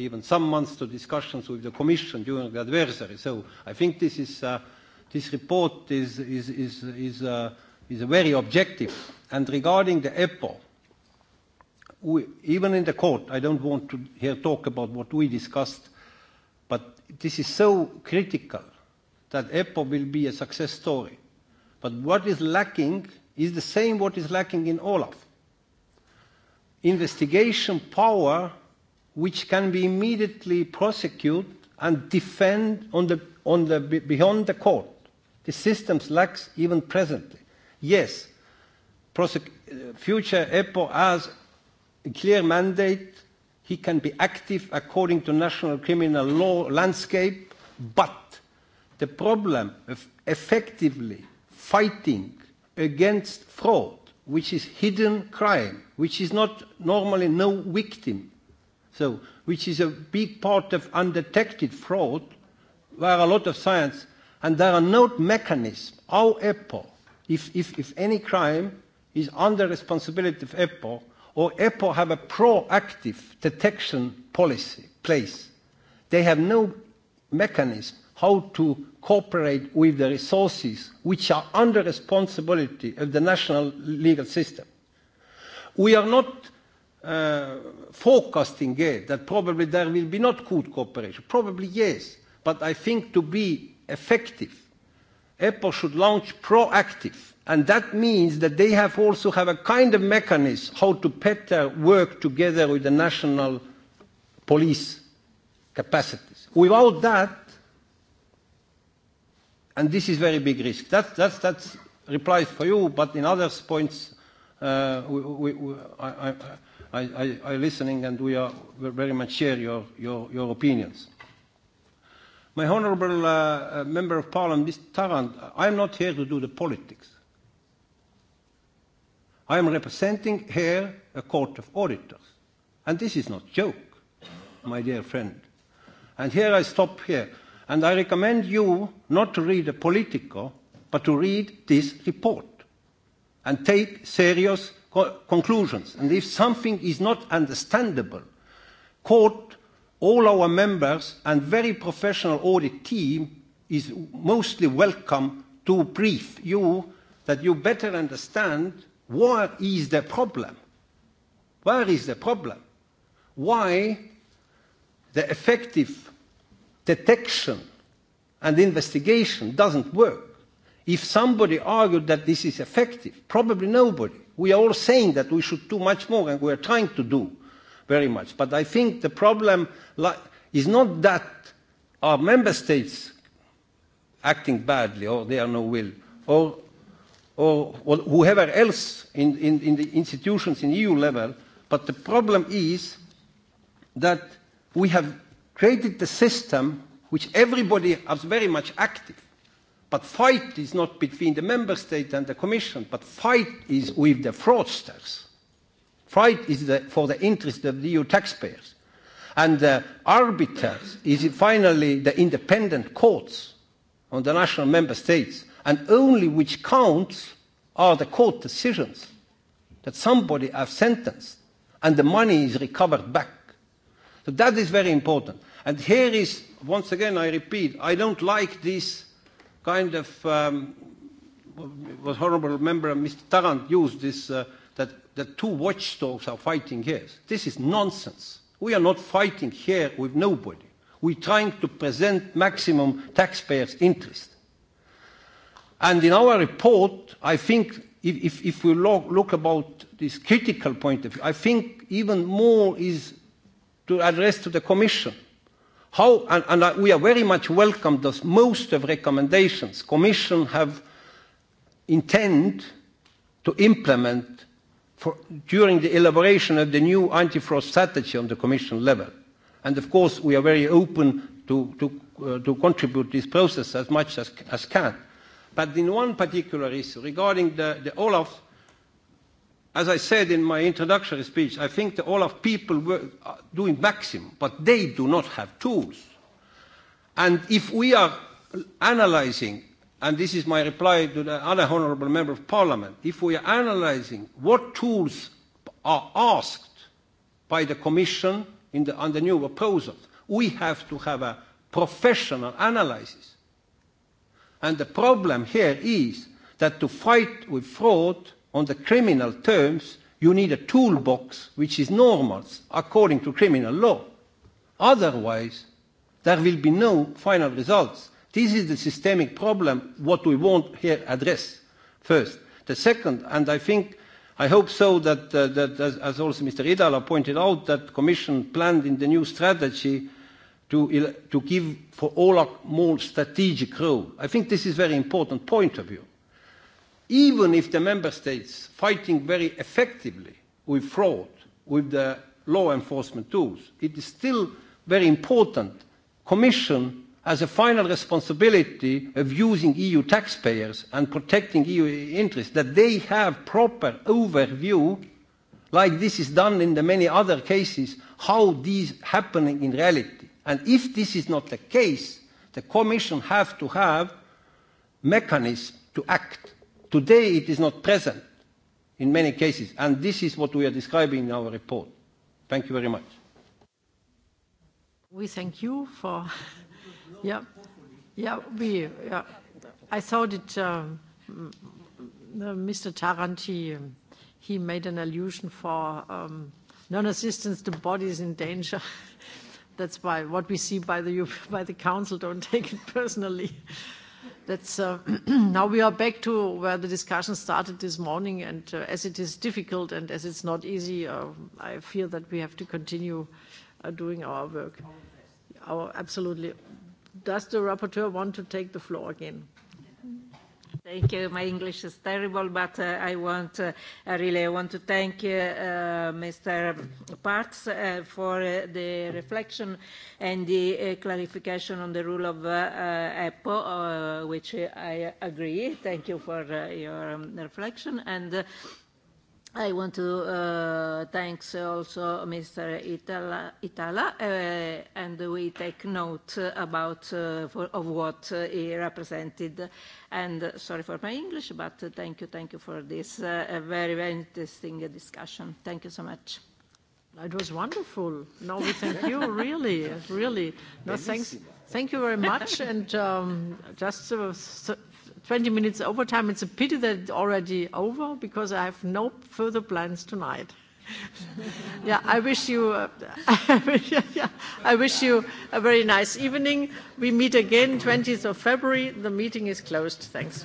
even some months to discussions with the Commission during the adversary. So I think this, is, uh, this report is, is, is, is, uh, is very objective. And regarding the EPO, we, even in the court, I don't want to here talk about what we discussed, but this is so critical that EPO will be a success story. But what is lacking is the same what is lacking in Olaf. Investigation power which can be immediately prosecuted and defend on the, on the, beyond the court. The system lacks even presently. Yes, uh, future EPO has a clear mandate. He can be active according to national criminal law landscape, but the problem of effectively fighting against fraud, which is hidden crime, which is not normally no victim, so which is a big part of undetected fraud, where a lot of science, and there are no mechanisms. How EPPO, if, if, if any crime is under responsibility of EPPO, or EPPO have a proactive detection policy place, they have no mechanism how to cooperate with the resources which are under responsibility of the national legal system. We are not uh, forecasting yet that probably there will be not good cooperation. Probably yes, but I think to be effective, EPO should launch proactive, and that means that they have also have a kind of mechanism how to better work together with the national police capacities. Without that, and this is very big risk. That that's, that's replies for you, but in other points, uh, we, we, we, I, I, I, I, I listening and we are very much share your, your, your opinions. My honourable uh, uh, member of parliament, Mr. Tarrant, I'm not here to do the politics. I am representing here a court of auditors. And this is not joke, my dear friend. And here I stop here. And I recommend you not to read a Politico, but to read this report and take serious co conclusions. And if something is not understandable, court, all our members and very professional audit team is mostly welcome to brief you that you better understand what is the problem. Where is the problem? Why the effective detection and investigation doesn't work? If somebody argued that this is effective, probably nobody. We are all saying that we should do much more, and we are trying to do very much. But I think the problem is not that our member states acting badly or they are no will, or, or, whoever else in, in, in the institutions in EU level, but the problem is that we have created the system which everybody is very much active But fight is not between the member state and the commission, but fight is with the fraudsters. Fight is the, for the interest of the EU taxpayers. And the arbiters is finally the independent courts on the national member states. And only which counts are the court decisions that somebody has sentenced and the money is recovered back. So that is very important. And here is, once again, I repeat, I don't like this kind of um, was honourable member Mr. Tarrant used this uh, that the two watchdogs are fighting here. This is nonsense. We are not fighting here with nobody. We're trying to present maximum taxpayers' interest. And in our report, I think if, if, if we look, look about this critical point of view, I think even more is to address to the Commission How, and, and we are very much welcome that most of recommendations Commission have intend to implement for, during the elaboration of the new anti-fraud strategy on the Commission level. And of course, we are very open to, to, uh, to contribute this process as much as, as can. But in one particular issue, regarding the, the Olaf, As I said in my introductory speech, I think the Olaf people were uh, doing maximum, but they do not have tools. And if we are analyzing, and this is my reply to the other honorable member of parliament, if we are analyzing what tools are asked by the commission in the, on the new proposal, we have to have a professional analysis. And the problem here is that to fight with fraud – on the criminal terms, you need a toolbox which is normal according to criminal law. Otherwise, there will be no final results. This is the systemic problem, what we want here address first. The second, and I think, I hope so that, uh, that as, as also Mr. Idala pointed out, that Commission planned in the new strategy to, to give for OLAC more strategic role. I think this is a very important point of view even if the member states fighting very effectively with fraud, with the law enforcement tools, it is still very important. Commission has a final responsibility of using EU taxpayers and protecting EU interests, that they have proper overview, like this is done in the many other cases, how these happening in reality. And if this is not the case, the Commission have to have mechanism to act Today it is not present in many cases, and this is what we are describing in our report. Thank you very much. We thank you for, [LAUGHS] yeah, yeah, we, yeah. I thought it, um, Mr. Taranti, he, um, he made an allusion for um, non-assistance to bodies in danger. [LAUGHS] That's why what we see by the, by the Council, don't take it personally that's uh, [CLEARS THROAT] now we are back to where the discussion started this morning, and uh, as it is difficult and as it's not easy, uh, I feel that we have to continue uh, doing our work. Our, absolutely. Does the rapporteur want to take the floor again? Thank you. My English is terrible, but uh, I want uh, I really I want to thank uh, uh Mr. Parts uh, for uh, the reflection and the uh, clarification on the rule of uh, uh, EPO, uh, which I agree. Thank you for uh, your um, reflection and. Uh, I want to uh, thank also Mr. Itala, Itala uh, and we take note about uh, for, of what he represented And uh, sorry for my English, but uh, thank you, thank you for this uh, very, very interesting uh, discussion. Thank you so much. It was wonderful. No, we thank you, really, really. No, thanks. Thank you very much. And um, just uh, 20 minutes overtime. It's a pity that it's already over because I have no further plans tonight yeah, I wish you, uh, [LAUGHS] I wish you a very nice evening. We meet again 20th of February. The meeting is closed. Thanks.